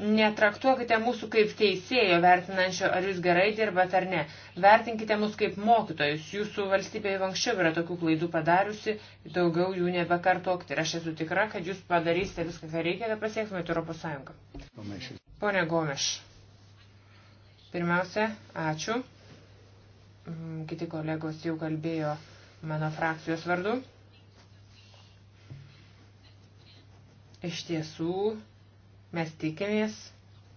[SPEAKER 3] Netraktuokite mūsų kaip teisėjo vertinančio, ar jūs gerai dirbat ar ne. Vertinkite mus kaip mokytojus. Jūsų valstybė jau anksčiau yra tokių klaidų padariusi, daugiau jų nebekartokti. Ir aš esu tikra, kad jūs padarysite viską, ką reikia, kad pasiektumėte Europos Sąjungą. Pone Gomeš, pirmiausia, ačiū. Mm, kiti kolegos jau kalbėjo mano frakcijos vardu. Iš tiesų, Mes tikimės,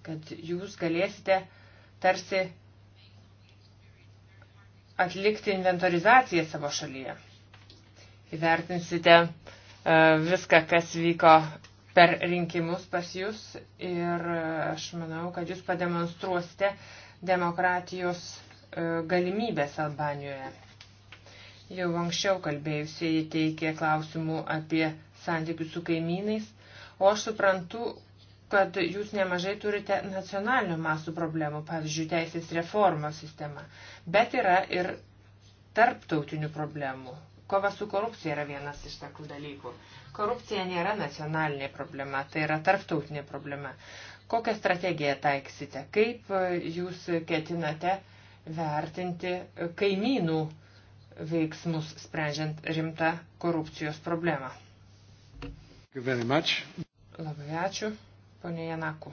[SPEAKER 3] kad jūs galėsite tarsi atlikti inventorizaciją savo šalyje. Įvertinsite e, viską, kas vyko per rinkimus pas jūs ir e, aš manau, kad jūs pademonstruosite demokratijos e, galimybės Albanijoje. Jau anksčiau kalbėjusieji teikė klausimų apie santykius su kaimynais, o aš suprantu, kad jūs nemažai turite nacionalinio masų problemų, pavyzdžiui, teisės reformos sistema, bet yra ir tarptautinių problemų. Kova su korupcija yra vienas iš tokių dalykų. Korupcija nėra nacionalinė problema, tai yra tarptautinė problema. Kokią strategiją taiksite? Kaip e, jūs ketinate vertinti kaimynų veiksmus, sprendžiant rimtą korupcijos problemą? Labai ačiū. Pone Janaku.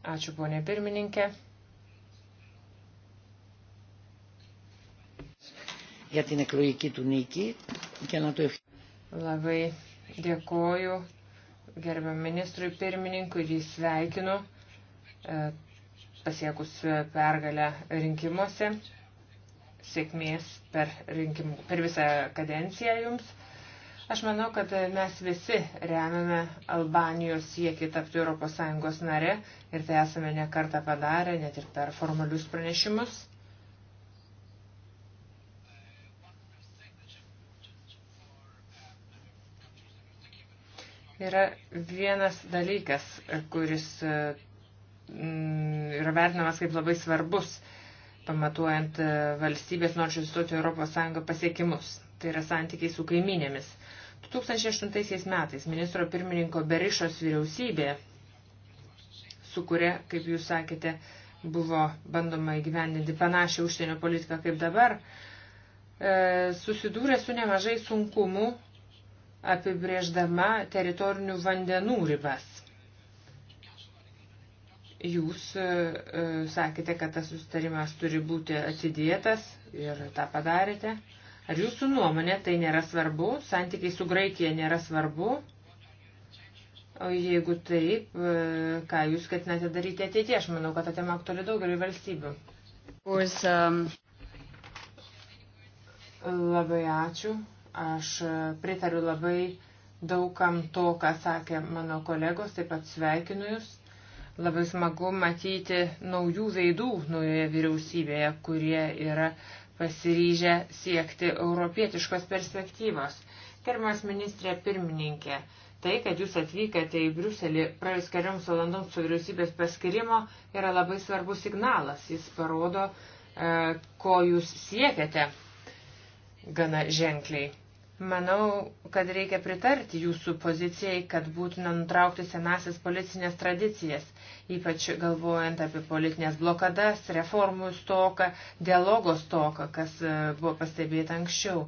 [SPEAKER 3] Ačiū, ponė pirmininkė. για την εκλογική του νίκη και να το ευχαριστήσω. Labai dėkoju gerbiam ministrui pirmininkui ir jį sveikinu e, pasiekus pergalę rinkimuose. Sėkmės per, rinkimų, per visą kadenciją jums. Aš manau, kad mes visi remiame Albanijos siekį tapti ES nare ir tai esame nekartą padarę, net ir per formalius pranešimus. Yra vienas dalykas, kuris mm, yra vertinamas kaip labai svarbus, pamatuojant valstybės norčių įstoti Europos Sąjungą pasiekimus. Tai yra santykiai su kaiminėmis. 2008 metais ministro pirmininko Berišos vyriausybė, su kuria, kaip jūs sakėte, buvo bandoma įgyvendinti panašią užsienio politiką kaip dabar, e, susidūrė su nemažai sunkumu apibrėždama teritorinių vandenų ribas. Jūs e, e, sakėte, kad tas susitarimas turi būti atidėtas ir tą padarėte. Ar jūsų nuomonė tai nėra svarbu, santykiai su Graikija nėra svarbu? O jeigu taip, e, ką jūs ketinate daryti ateitie? Aš manau, kad ta tema aktuali daugeliu valstybių. Was, um... Labai ačiū. Aš e, pritariu labai daugam to, ką sakė mano kolegos, taip pat sveikinu jūs. Labai smagu matyti naujų veidų naujoje vyriausybėje, kurie yra uh, pasiryžę siekti europietiškos perspektyvos. Gerbiamas ministrė pirmininkė, tai, kad jūs atvykote į Briuselį praėjus kelioms valandoms su vyriausybės paskirimo, yra labai svarbus signalas. Jis parodo, e, ko jūs siekiate gana ženkliai. Manau, kad reikia pritarti jūsų pozicijai, kad būtina nutraukti senasis policinės tradicijas – ypač galvojant apie politinės blokadas, reformų stoką, dialogo stoką, kas e, buvo pastebėta anksčiau.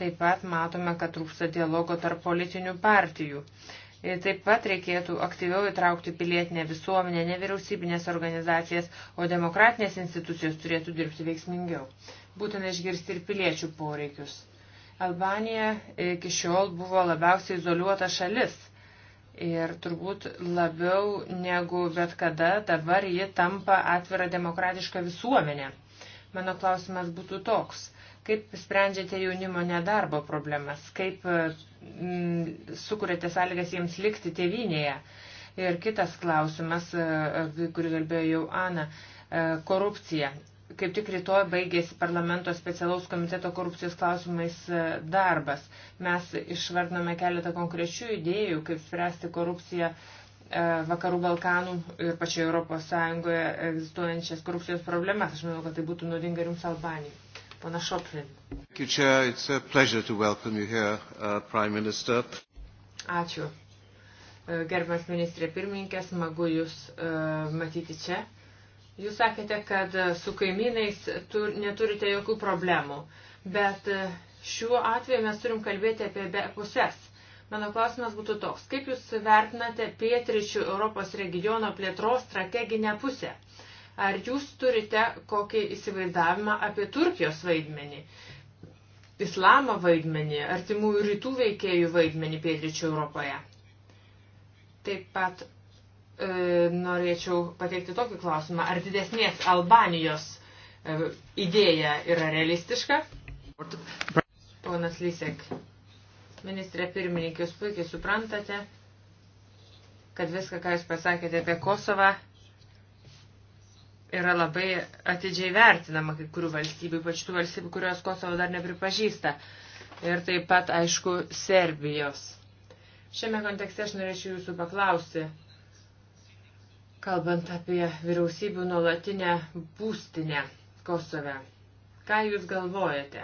[SPEAKER 3] Taip pat matome, kad trūksta dialogo tarp politinių partijų. Ir e, taip pat reikėtų aktyviau įtraukti pilietinę visuomenę, nevyriausybinės organizacijas, o demokratinės institucijos turėtų dirbti veiksmingiau. Būtina išgirsti ir piliečių poreikius. Albanija e, iki šiol buvo labiausiai izoliuota šalis Ir turbūt labiau negu bet kada dabar ji tampa atvira demokratiška visuomenė. Mano klausimas būtų toks. Kaip sprendžiate jaunimo nedarbo problemas? Kaip mm, sukūrėte sąlygas jiems likti tėvynėje? Ir kitas klausimas, e, kurį kalbėjo jau Ana, e, korupcija kaip tik rytoj baigėsi parlamento specialaus komiteto korupcijos klausimais e, darbas. Mes išvardinome keletą konkrečių idėjų, kaip spręsti korupciją e, vakarų Balkanų ir pačioje Europos Sąjungoje egzistuojančias korupcijos problemas. Aš manau, kad tai būtų naudinga ir jums Albanijai. Pana Šoplin. Uh, Ačiū. E, gerbiamas ministrė pirmininkė, smagu Jūs uh, matyti čia. Jūs sakėte, kad e, su kaimynais tur, neturite jokių problemų, bet e, šiuo atveju mes turim kalbėti apie be pusės. Mano klausimas būtų toks, kaip Jūs vertinate pietričių Europos regiono plėtros strateginę pusę? Ar Jūs turite kokį įsivaizdavimą apie Turkijos vaidmenį, islamo vaidmenį, artimųjų rytų veikėjų vaidmenį pietričių Europoje? Taip pat e, norėčiau pateikti tokį klausimą. Ar didesnės Albanijos e, idėja yra realistiška? Ponas Lysek, ministrė pirmininkė, jūs puikiai suprantate, kad viską, ką jūs pasakėte apie Kosovą, yra labai atidžiai vertinama kai kurių valstybių, ypač tų valstybių, kurios Kosovo dar nepripažįsta. Ir taip pat, aišku, Serbijos. Šiame kontekste aš norėčiau jūsų paklausti, kalbant apie vyriausybių nuolatinę būstinę Kosove. Ką Jūs galvojate?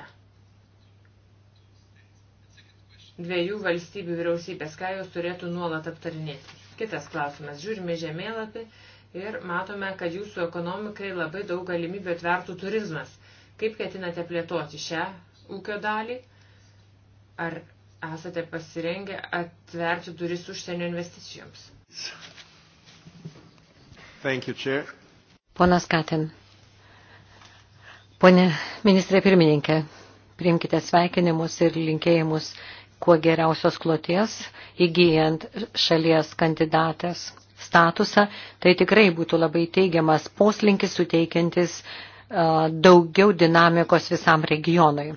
[SPEAKER 3] Dviejų valstybių vyriausybės, ką jos turėtų nuolat aptarinėti. Kitas klausimas. Žiūrime žemėlapį ir matome, kad jūsų ekonomikai labai daug galimybių atvertų turizmas. Kaip ketinate plėtoti šią ūkio dalį? Ar esate pasirengę atverti duris užsienio investicijoms? Thank
[SPEAKER 1] you, Chair.
[SPEAKER 4] Ponas Katin. Pone ministrė pirmininkė, priimkite sveikinimus ir linkėjimus kuo geriausios kloties, įgyjant šalies kandidatės statusą. Tai tikrai būtų labai teigiamas poslinkis suteikiantis daugiau dinamikos visam regionui.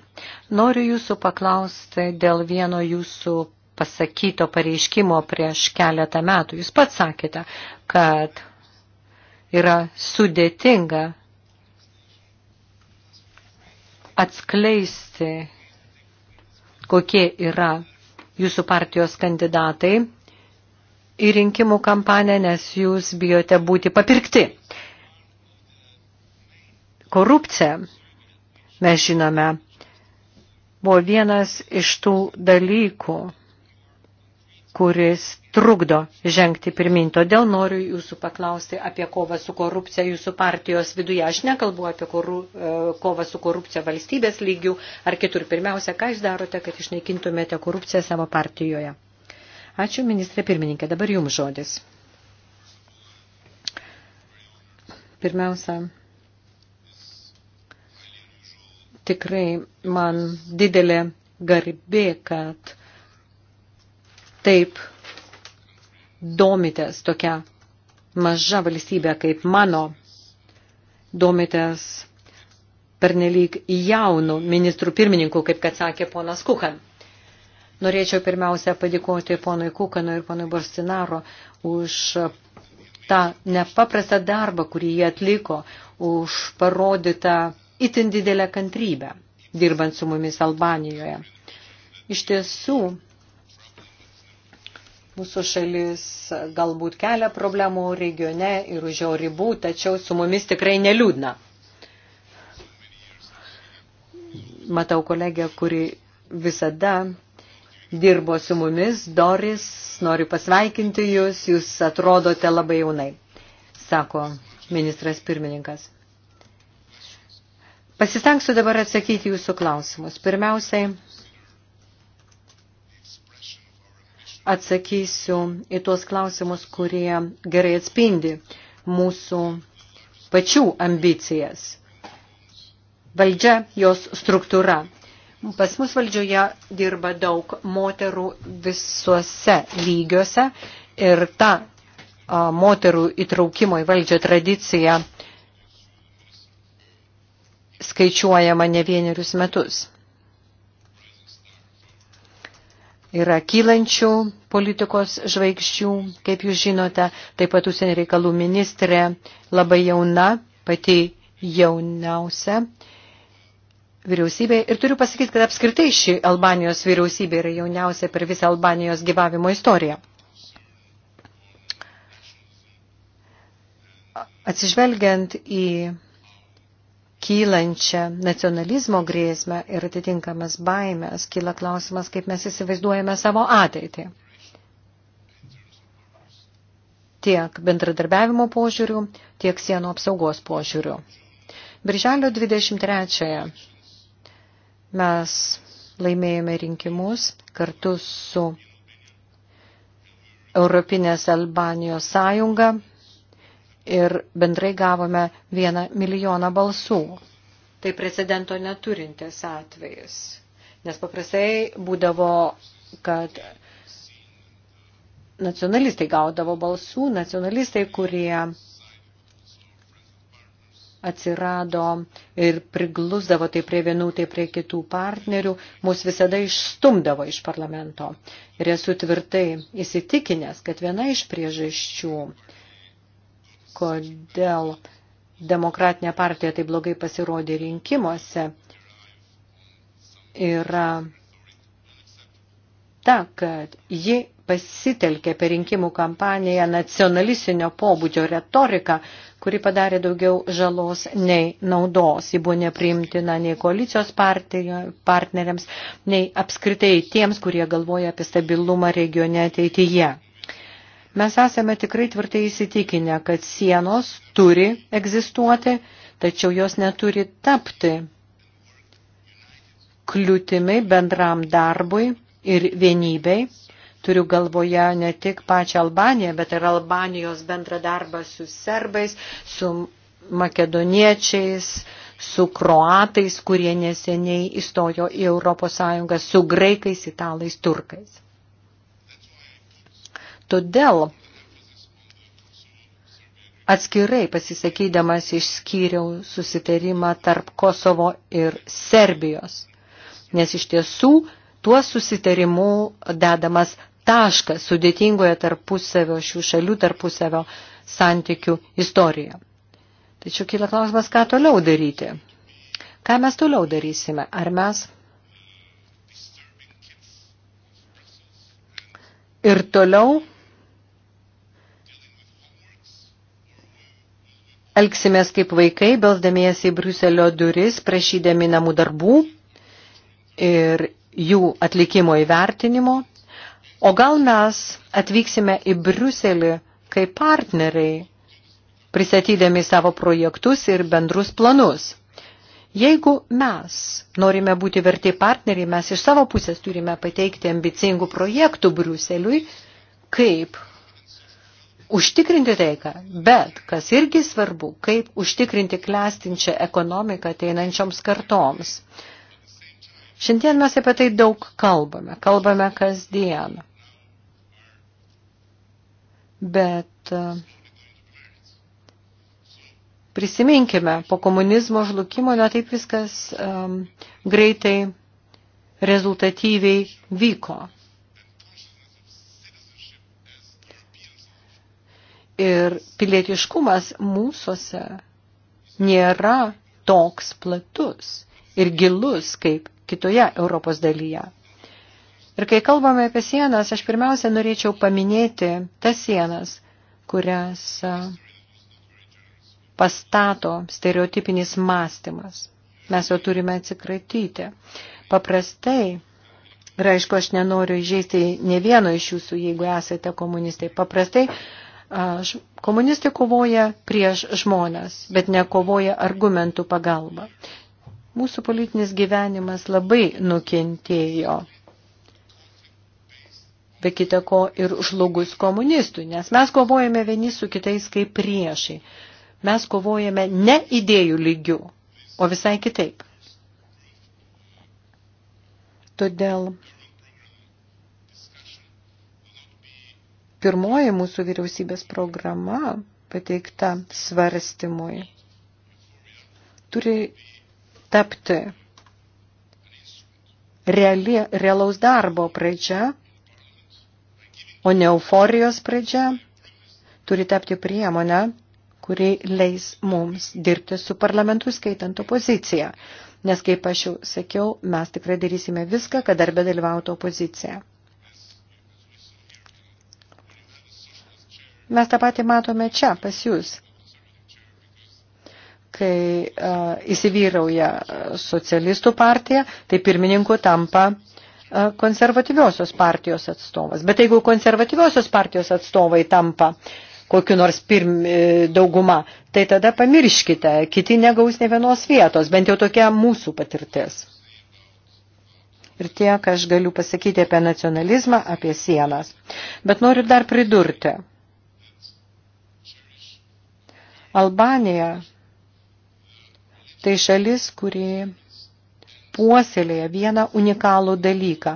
[SPEAKER 4] Noriu jūsų paklausti dėl vieno jūsų pasakyto pareiškimo prieš keletą metų. Jūs pats sakėte, kad yra sudėtinga atskleisti, kokie yra jūsų partijos kandidatai į rinkimų kampaniją, nes jūs bijote būti papirkti. Korupcija, mes žinome, buvo vienas iš tų dalykų, kuris trukdo žengti pirmin. Todėl noriu jūsų paklausti apie kovą su korupcija jūsų partijos viduje. Aš nekalbu apie koru, e, kovą su korupcija valstybės lygių ar kitur. Pirmiausia, ką jūs darote, kad išnaikintumėte korupciją savo partijoje? Ačiū, ministrė pirmininkė. Dabar jums žodis. Pirmiausia, tikrai man didelė garbė, kad taip domitės tokia maža valstybė kaip mano, domitės pernelyg jaunų ministrų pirmininkų, kaip kad sakė ponas Kukan. Norėčiau pirmiausia padėkoti ponui Kukanui ir ponui Borsinaro už tą nepaprastą darbą, kurį jie atliko, už parodytą itin didelę kantrybę, dirbant su mumis Albanijoje. Iš tiesų, Mūsų šalis galbūt kelia problemų regione ir už jo ribų, tačiau su mumis tikrai neliūdna. Matau kolegę, kuri visada dirbo su mumis, Doris, noriu pasveikinti jūs, jūs atrodote labai jaunai, sako ministras pirmininkas. Pasistengsiu dabar atsakyti jūsų klausimus. Pirmiausiai, atsakysiu į tuos klausimus, kurie gerai atspindi mūsų pačių ambicijas. Valdžia, jos struktūra. Pas mus valdžioje dirba daug moterų visuose lygiuose ir ta a, moterų įtraukimo į valdžią tradicija skaičiuojama ne vienerius metus. yra kylančių politikos žvaigždžių, kaip jūs žinote, taip pat užsienio reikalų ministrė labai jauna, pati jauniausia vyriausybė. Ir turiu pasakyti, kad apskritai ši Albanijos vyriausybė yra jauniausia per visą Albanijos gyvavimo istoriją. Atsižvelgiant į kylančią nacionalizmo grėsmę ir atitinkamas baimės, kyla klausimas, kaip mes įsivaizduojame savo ateitį. Tiek bendradarbiavimo požiūrių, tiek sienų apsaugos požiūrių. Birželio 23-ąją mes laimėjome rinkimus kartu su Europinės Albanijos sąjunga ir bendrai gavome vieną milijoną balsų. Tai precedento neturintis atvejis, nes paprastai būdavo, kad nacionalistai gaudavo balsų, nacionalistai, kurie atsirado ir priglusdavo tai prie vienų, tai prie kitų partnerių, mus visada išstumdavo iš parlamento. Ir esu tvirtai įsitikinęs, kad viena iš priežasčių kodėl demokratinė partija taip blogai pasirodė rinkimuose, yra ta, kad ji pasitelkė per rinkimų kampaniją nacionalistinio pobūdžio retoriką, kuri padarė daugiau žalos nei naudos. Ji buvo nepriimtina nei koalicijos partneriams, nei apskritai tiems, kurie galvoja apie stabilumą regione ateityje. Mes esame tikrai tvirtai įsitikinę, kad sienos turi egzistuoti, tačiau jos neturi tapti kliūtimi bendram darbui ir vienybei. Turiu galvoje ne tik pačią Albaniją, bet ir Albanijos bendrą darbą su serbais, su makedoniečiais, su kroatais, kurie neseniai įstojo į ES, su graikais, italais, turkais. Todėl atskirai pasisakydamas išskyriau susitarimą tarp Kosovo ir Serbijos, nes iš tiesų tuo susitarimu dedamas taškas sudėtingoje tarpusavio šių šalių tarpusavio santykių istorijoje. Tačiau kyla klausimas, ką toliau daryti. Ką mes toliau darysime? Ar mes ir toliau elgsimės kaip vaikai, belsdamiesi į Bruselio duris, prašydami namų darbų ir jų atlikimo įvertinimo, o gal mes atvyksime į Bruselį kaip partneriai, pristatydami savo projektus ir bendrus planus. Jeigu mes norime būti verti partneriai, mes iš savo pusės turime pateikti ambicingų projektų Briuseliui, kaip užtikrinti taiką, bet kas irgi svarbu, kaip užtikrinti klestinčią ekonomiką ateinančioms kartoms. Šiandien mes apie tai daug kalbame, kalbame kasdien. Bet e, prisiminkime, po komunizmo žlugimo netaip viskas um, greitai, rezultatyviai vyko. Ir pilietiškumas mūsųse nėra toks platus ir gilus kaip kitoje Europos dalyje. Ir kai kalbame apie sienas, aš pirmiausia norėčiau paminėti tas sienas, kurias pastato stereotipinis mąstymas. Mes jo turime atsikratyti. Paprastai, ir aišku, aš nenoriu įžeisti ne vieno iš jūsų, jeigu esate komunistai, paprastai Komunistai kovoja prieš žmonės, bet nekovoja argumentų pagalba. Mūsų politinis gyvenimas labai nukentėjo be kita ko ir žlugus komunistų, nes mes kovojame vieni su kitais kaip priešai. Mes kovojame ne idėjų lygių, o visai kitaip. Todėl pirmoji mūsų vyriausybės programa pateikta svarstymui turi tapti reali, realaus darbo pradžia, o ne euforijos pradžia, turi tapti priemonę, kuri leis mums dirbti su parlamentu, skaitant opoziciją. Nes, kaip aš jau sakiau, mes tikrai darysime viską, kad darbė dalyvautų opozicija. Mes tą patį matome čia, pas jūs, kai uh, įsivyrauja socialistų partija, tai pirmininku tampa uh, konservatyviosios partijos atstovas. Bet jeigu konservatyviosios partijos atstovai tampa kokiu nors pirm, e, dauguma, tai tada pamirškite, kiti negaus ne vienos vietos, bent jau tokia mūsų patirtis. Ir tiek aš galiu pasakyti apie nacionalizmą, apie sienas. Bet noriu dar pridurti Albanija tai šalis, kuri puoselėja vieną unikalų dalyką.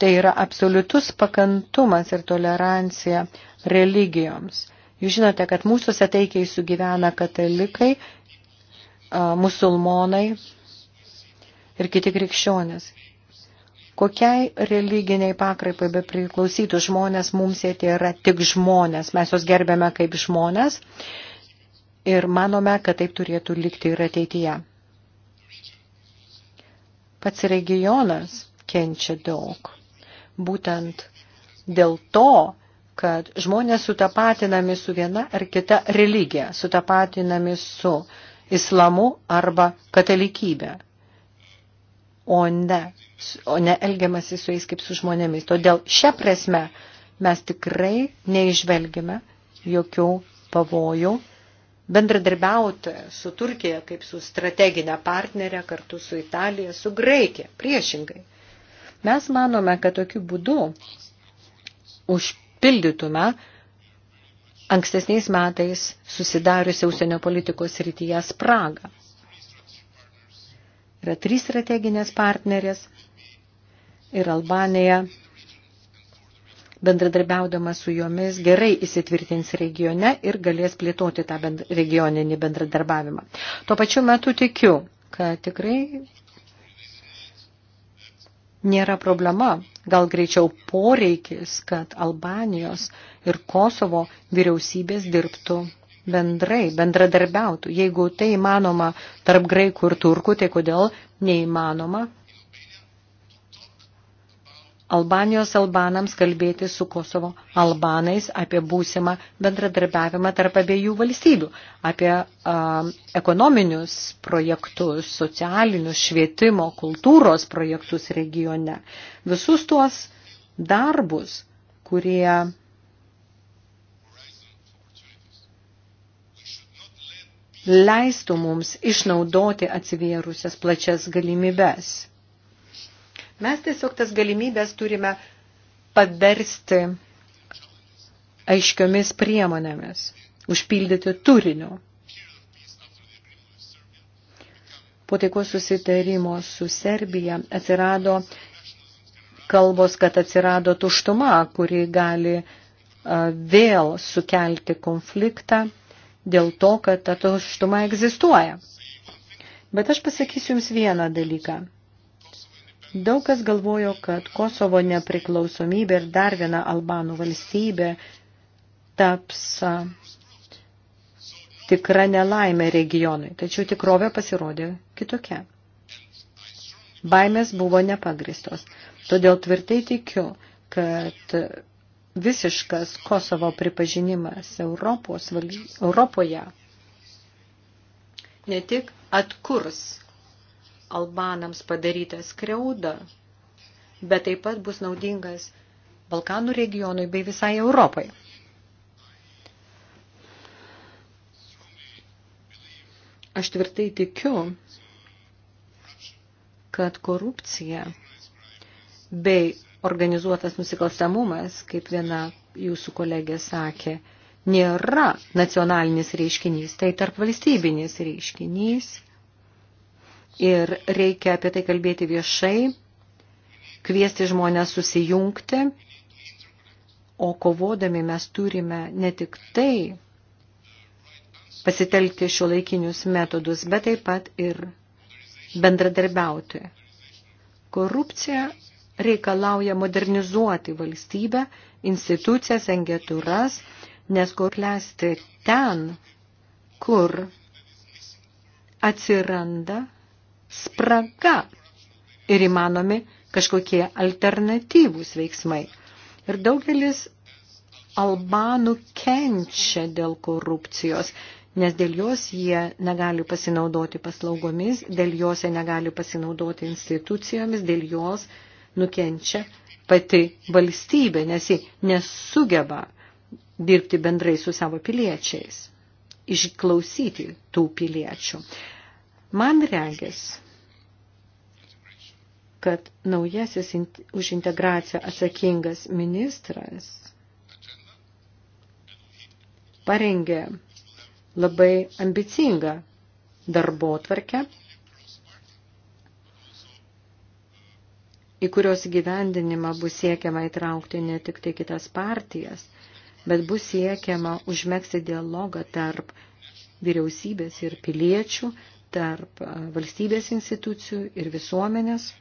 [SPEAKER 4] Tai yra absoliutus pakantumas ir tolerancija religijoms. Jūs žinote, kad mūsų sateikiai sugyvena katalikai, musulmonai ir kiti krikščionės. Kokiai religiniai pakraipai be priklausytų žmonės, mums jie tai yra tik žmonės. Mes juos gerbėme kaip žmonės ir manome, kad taip turėtų likti ir ateityje. Pats regionas kenčia daug. Būtent dėl to, kad žmonės sutapatinami su viena ar kita religija, sutapatinami su islamu arba katalikybė, o ne, o ne elgiamasi su jais kaip su žmonėmis. Todėl šią prasme mes tikrai neižvelgime jokių pavojų bendradarbiauti su Turkija kaip su strateginė partnerė kartu su Italija, su Graikija, priešingai. Mes manome, kad tokiu būdu užpildytume ankstesniais metais susidariusią užsienio politikos rytyje spragą. Yra trys strateginės partnerės ir Albanija bendradarbiaudama su jomis gerai įsitvirtins regione ir galės plėtoti tą bend regioninį bendradarbiavimą. Tuo pačiu metu tikiu, kad tikrai nėra problema, gal greičiau poreikis, kad Albanijos ir Kosovo vyriausybės dirbtų bendrai, bendradarbiautų. Jeigu tai įmanoma tarp graikų ir turkų, tai kodėl neįmanoma Albanijos albanams kalbėti su Kosovo albanais apie būsimą bendradarbiavimą tarp abiejų valstybių, apie a, ekonominius projektus, socialinius, švietimo, kultūros projektus regione. Visus tuos darbus, kurie leistų mums išnaudoti atsivėrusias plačias galimybes Mes tiesiog tas galimybės turime paversti aiškiomis priemonėmis, užpildyti turiniu. Po taikos susitarimo su Serbija atsirado kalbos, kad atsirado tuštuma, kuri gali vėl sukelti konfliktą dėl to, kad ta tuštuma egzistuoja. Bet aš pasakysiu Jums vieną dalyką. Daug kas galvojo, kad Kosovo nepriklausomybė ir dar viena Albanų valstybė taps tikra nelaimė regionui, tačiau tikrovė pasirodė kitokia. Baimės buvo nepagristos, todėl tvirtai tikiu, kad visiškas Kosovo pripažinimas Europos, Europoje ne tik atkurs Albanams padarytą skriaudą, bet taip pat bus naudingas Balkanų regionui bei visai Europai. Aš tvirtai tikiu, kad korupcija bei organizuotas nusikalstamumas, kaip viena jūsų kolegė sakė, nėra nacionalinis reiškinys, tai tarp valstybinis reiškinys ir reikia apie tai kalbėti viešai, kviesti žmonės susijungti, o kovodami mes turime ne tik tai pasitelkti šio laikinius metodus, bet taip pat ir bendradarbiauti. Korupcija reikalauja modernizuoti valstybę, institucijas, engetūras, nes kur klesti ten, kur atsiranda spraga ir įmanomi kažkokie alternatyvūs veiksmai. Ir daugelis albanų kenčia dėl korupcijos, nes dėl jos jie negali pasinaudoti paslaugomis, dėl jos jie negali pasinaudoti institucijomis, dėl jos nukenčia pati valstybė, nes ji nesugeba dirbti bendrai su savo piliečiais, išklausyti tų piliečių. Man regis, kad naujasis už integraciją atsakingas ministras parengė labai ambicingą darbo tvarkę, į kurios gyvendinimą bus siekiama įtraukti ne tik tai kitas partijas, bet bus siekiama užmėgsti dialogą tarp vyriausybės ir piliečių, tarp valstybės institucijų ir visuomenės.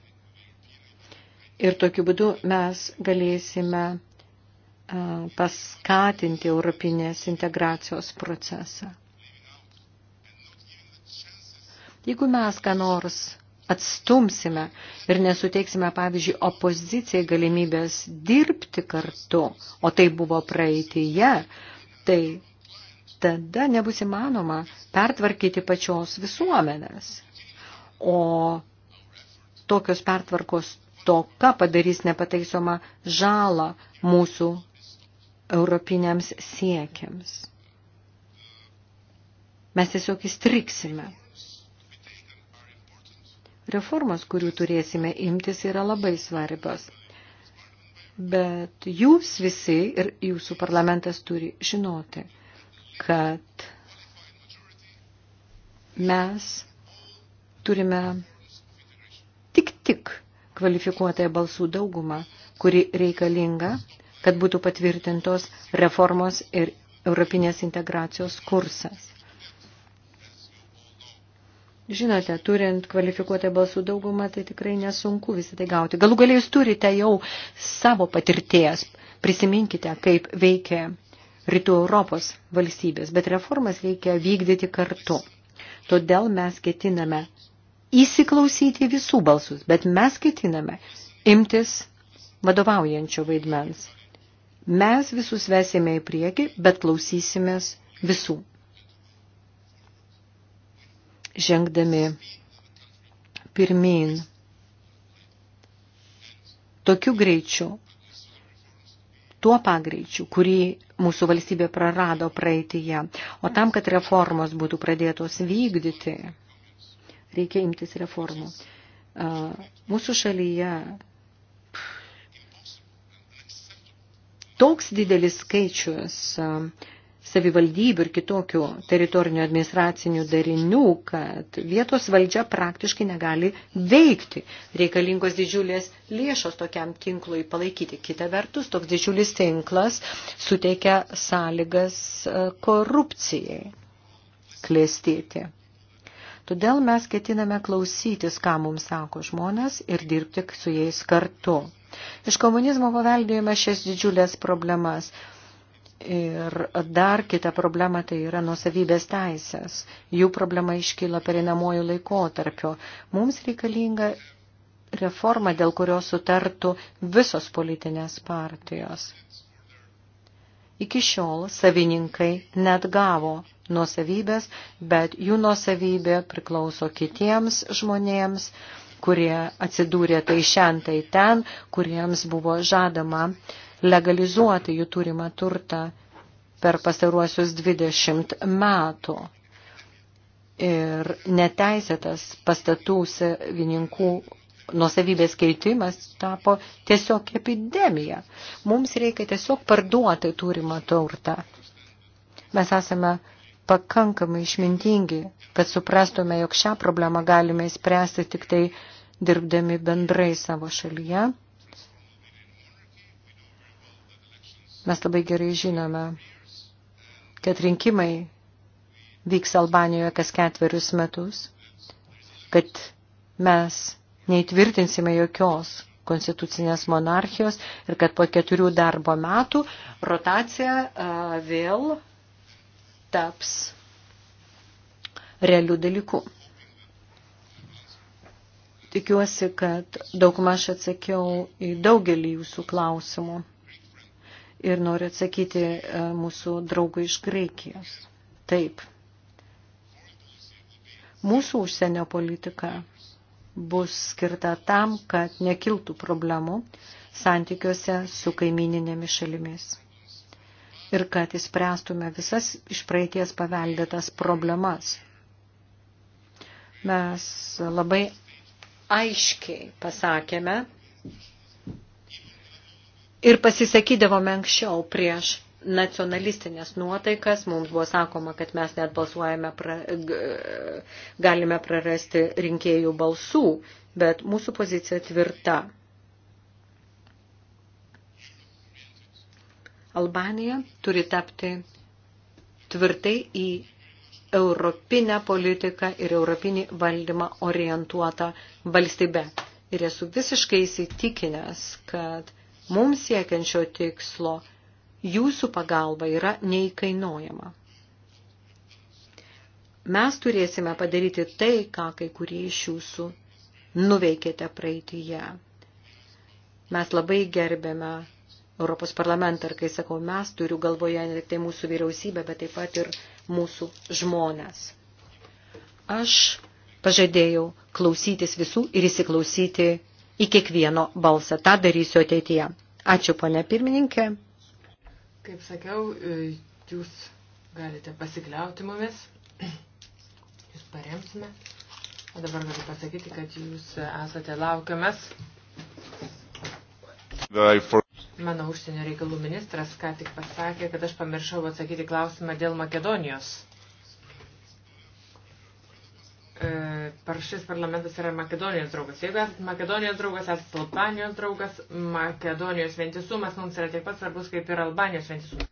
[SPEAKER 4] Ir tokiu būdu mes galėsime paskatinti europinės integracijos procesą. Jeigu mes ką nors atstumsime ir nesuteiksime, pavyzdžiui, opozicijai galimybės dirbti kartu, o tai buvo praeitįje, tai tada nebus įmanoma pertvarkyti pačios visuomenės. O tokios pertvarkos toka padarys nepataisomą žalą mūsų europiniams siekiams. Mes tiesiog įstriksime. Reformas, kurių turėsime imtis, yra labai svarbios. Bet jūs visi ir jūsų parlamentas turi žinoti, kad mes turime tik tik kvalifikuotąją balsų daugumą, kuri reikalinga, kad būtų patvirtintos reformos ir europinės integracijos kursas. Žinote, turint kvalifikuotą balsų daugumą, tai tikrai nesunku visą tai gauti. Galų galiai jūs turite jau savo patirties. Prisiminkite, kaip veikia rytų Europos valstybės, bet reformas reikia vykdyti kartu. Todėl mes ketiname įsiklausyti visų balsus, bet mes ketiname imtis vadovaujančio vaidmens. Mes visus vesime į priekį, bet klausysimės visų. Žengdami pirmin tokiu greičiu, tuo pagreičiu, kurį mūsų valstybė prarado praeitįje. O tam, kad reformos būtų pradėtos vykdyti, reikia imtis reformų. Mūsų šalyje toks didelis skaičius savivaldybių ir kitokių teritorinių administracinių darinių, kad vietos valdžia praktiškai negali veikti. Reikalingos didžiulės lėšos tokiam tinklui palaikyti. Kita vertus, toks didžiulis tinklas suteikia sąlygas korupcijai klėstėti. Todėl mes ketiname klausytis, ką mums sako žmonės ir dirbti su jais kartu. Iš komunizmo paveldėjome šias didžiulės problemas. Ir dar kita problema tai yra nusavybės teisės. Jų problema iškyla perinamojų laikotarpio. Mums reikalinga reforma, dėl kurios sutartų visos politinės partijos. Iki šiol savininkai net gavo nuosavybės, bet jų nuosavybė priklauso kitiems žmonėms, kurie atsidūrė tai šiandien, tai ten, kuriems buvo žadama legalizuoti jų turimą turtą per pastaruosius 20 metų. Ir neteisėtas pastatų savininkų nuosavybės keitimas tapo tiesiog epidemija. Mums reikia tiesiog parduoti turimą turtą. Mes esame pakankamai išmintingi, kad suprastume, jog šią problemą galime įspręsti tik tai dirbdami bendrai savo šalyje. Mes labai gerai žinome, kad rinkimai vyks Albanijoje kas ketverius metus, kad mes neįtvirtinsime jokios konstitucinės monarchijos ir kad po keturių darbo metų rotacija vėl taps realių dalykų. Tikiuosi, kad daugmaž atsakiau į daugelį jūsų klausimų ir noriu atsakyti mūsų draugui iš Graikijos. Taip. Mūsų užsienio politika bus skirta tam, kad nekiltų problemų santykiuose su kaimininėmis šalimis ir kad įspręstume visas iš praeities paveldėtas problemas. Mes labai aiškiai pasakėme ir pasisakydavome anksčiau prieš nacionalistinės nuotaikas, mums buvo sakoma, kad mes net balsuojame, pra, galime prarasti rinkėjų balsų, bet mūsų pozicija tvirta. Albanija turi tapti tvirtai į europinę politiką ir europinį valdymą orientuotą valstybę. Ir esu visiškai įsitikinęs, kad mums siekiančio tikslo Jūsų pagalba yra neįkainojama. Mes turėsime padaryti tai, ką kai kurie iš jūsų nuveikėte praeitįje. Mes labai gerbėme Europos parlamentą ir kai sakau mes, turiu galvoje ne tik tai mūsų vyriausybę, bet taip pat ir mūsų žmonės. Aš pažadėjau klausytis visų ir įsiklausyti į kiekvieno balsą. Ta darysiu ateityje. Ačiū, ponė pirmininkė.
[SPEAKER 3] Kaip sakiau, e, jūs galite pasikliauti mumis, jūs paremsime. O dabar galiu pasakyti, kad jūs esate laukiamas.
[SPEAKER 1] Mano
[SPEAKER 3] užsienio reikalų ministras ką tik pasakė, kad aš pamiršau atsakyti klausimą dėl Makedonijos. Par šis parlamentas yra Makedonijos draugas. Jeigu esate Makedonijos draugas, esate Albanijos draugas, Makedonijos vientisumas mums yra tiek pat svarbus, kaip ir Albanijos vientisumas.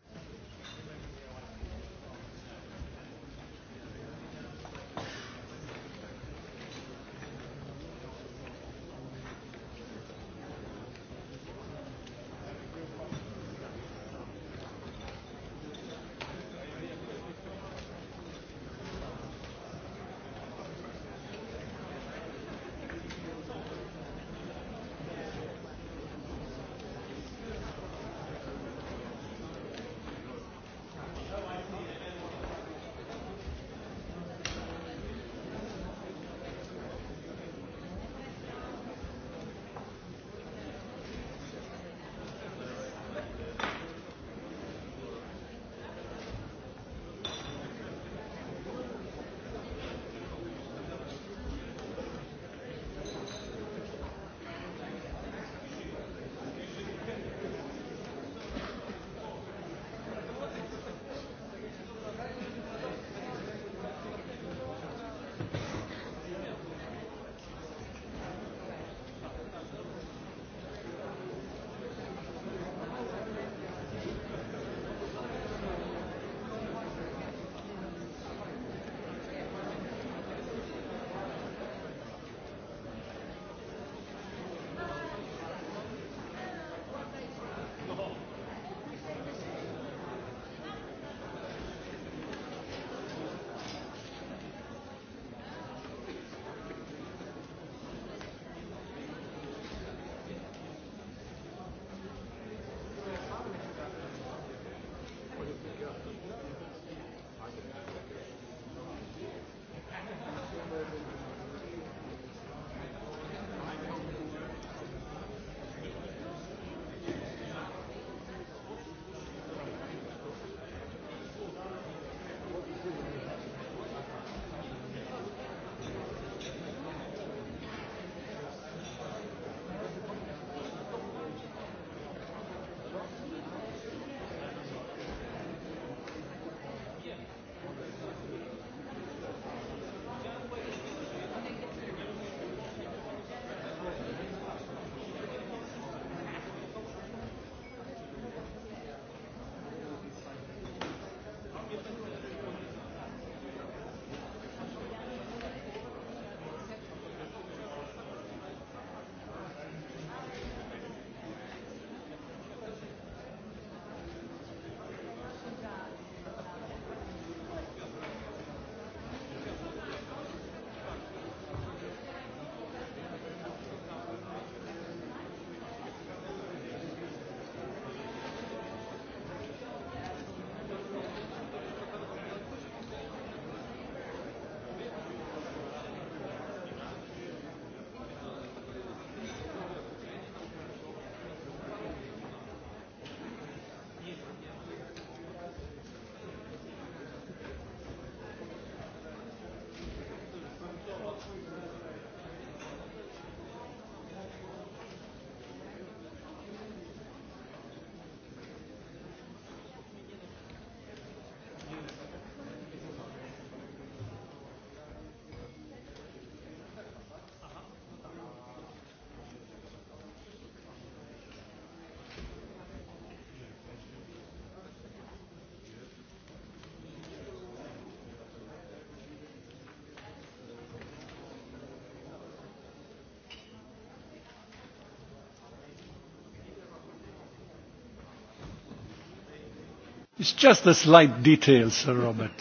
[SPEAKER 1] It's just the slight details, Sir Robert.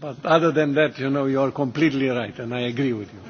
[SPEAKER 1] But other than that, you know, you are completely right, and I agree with you.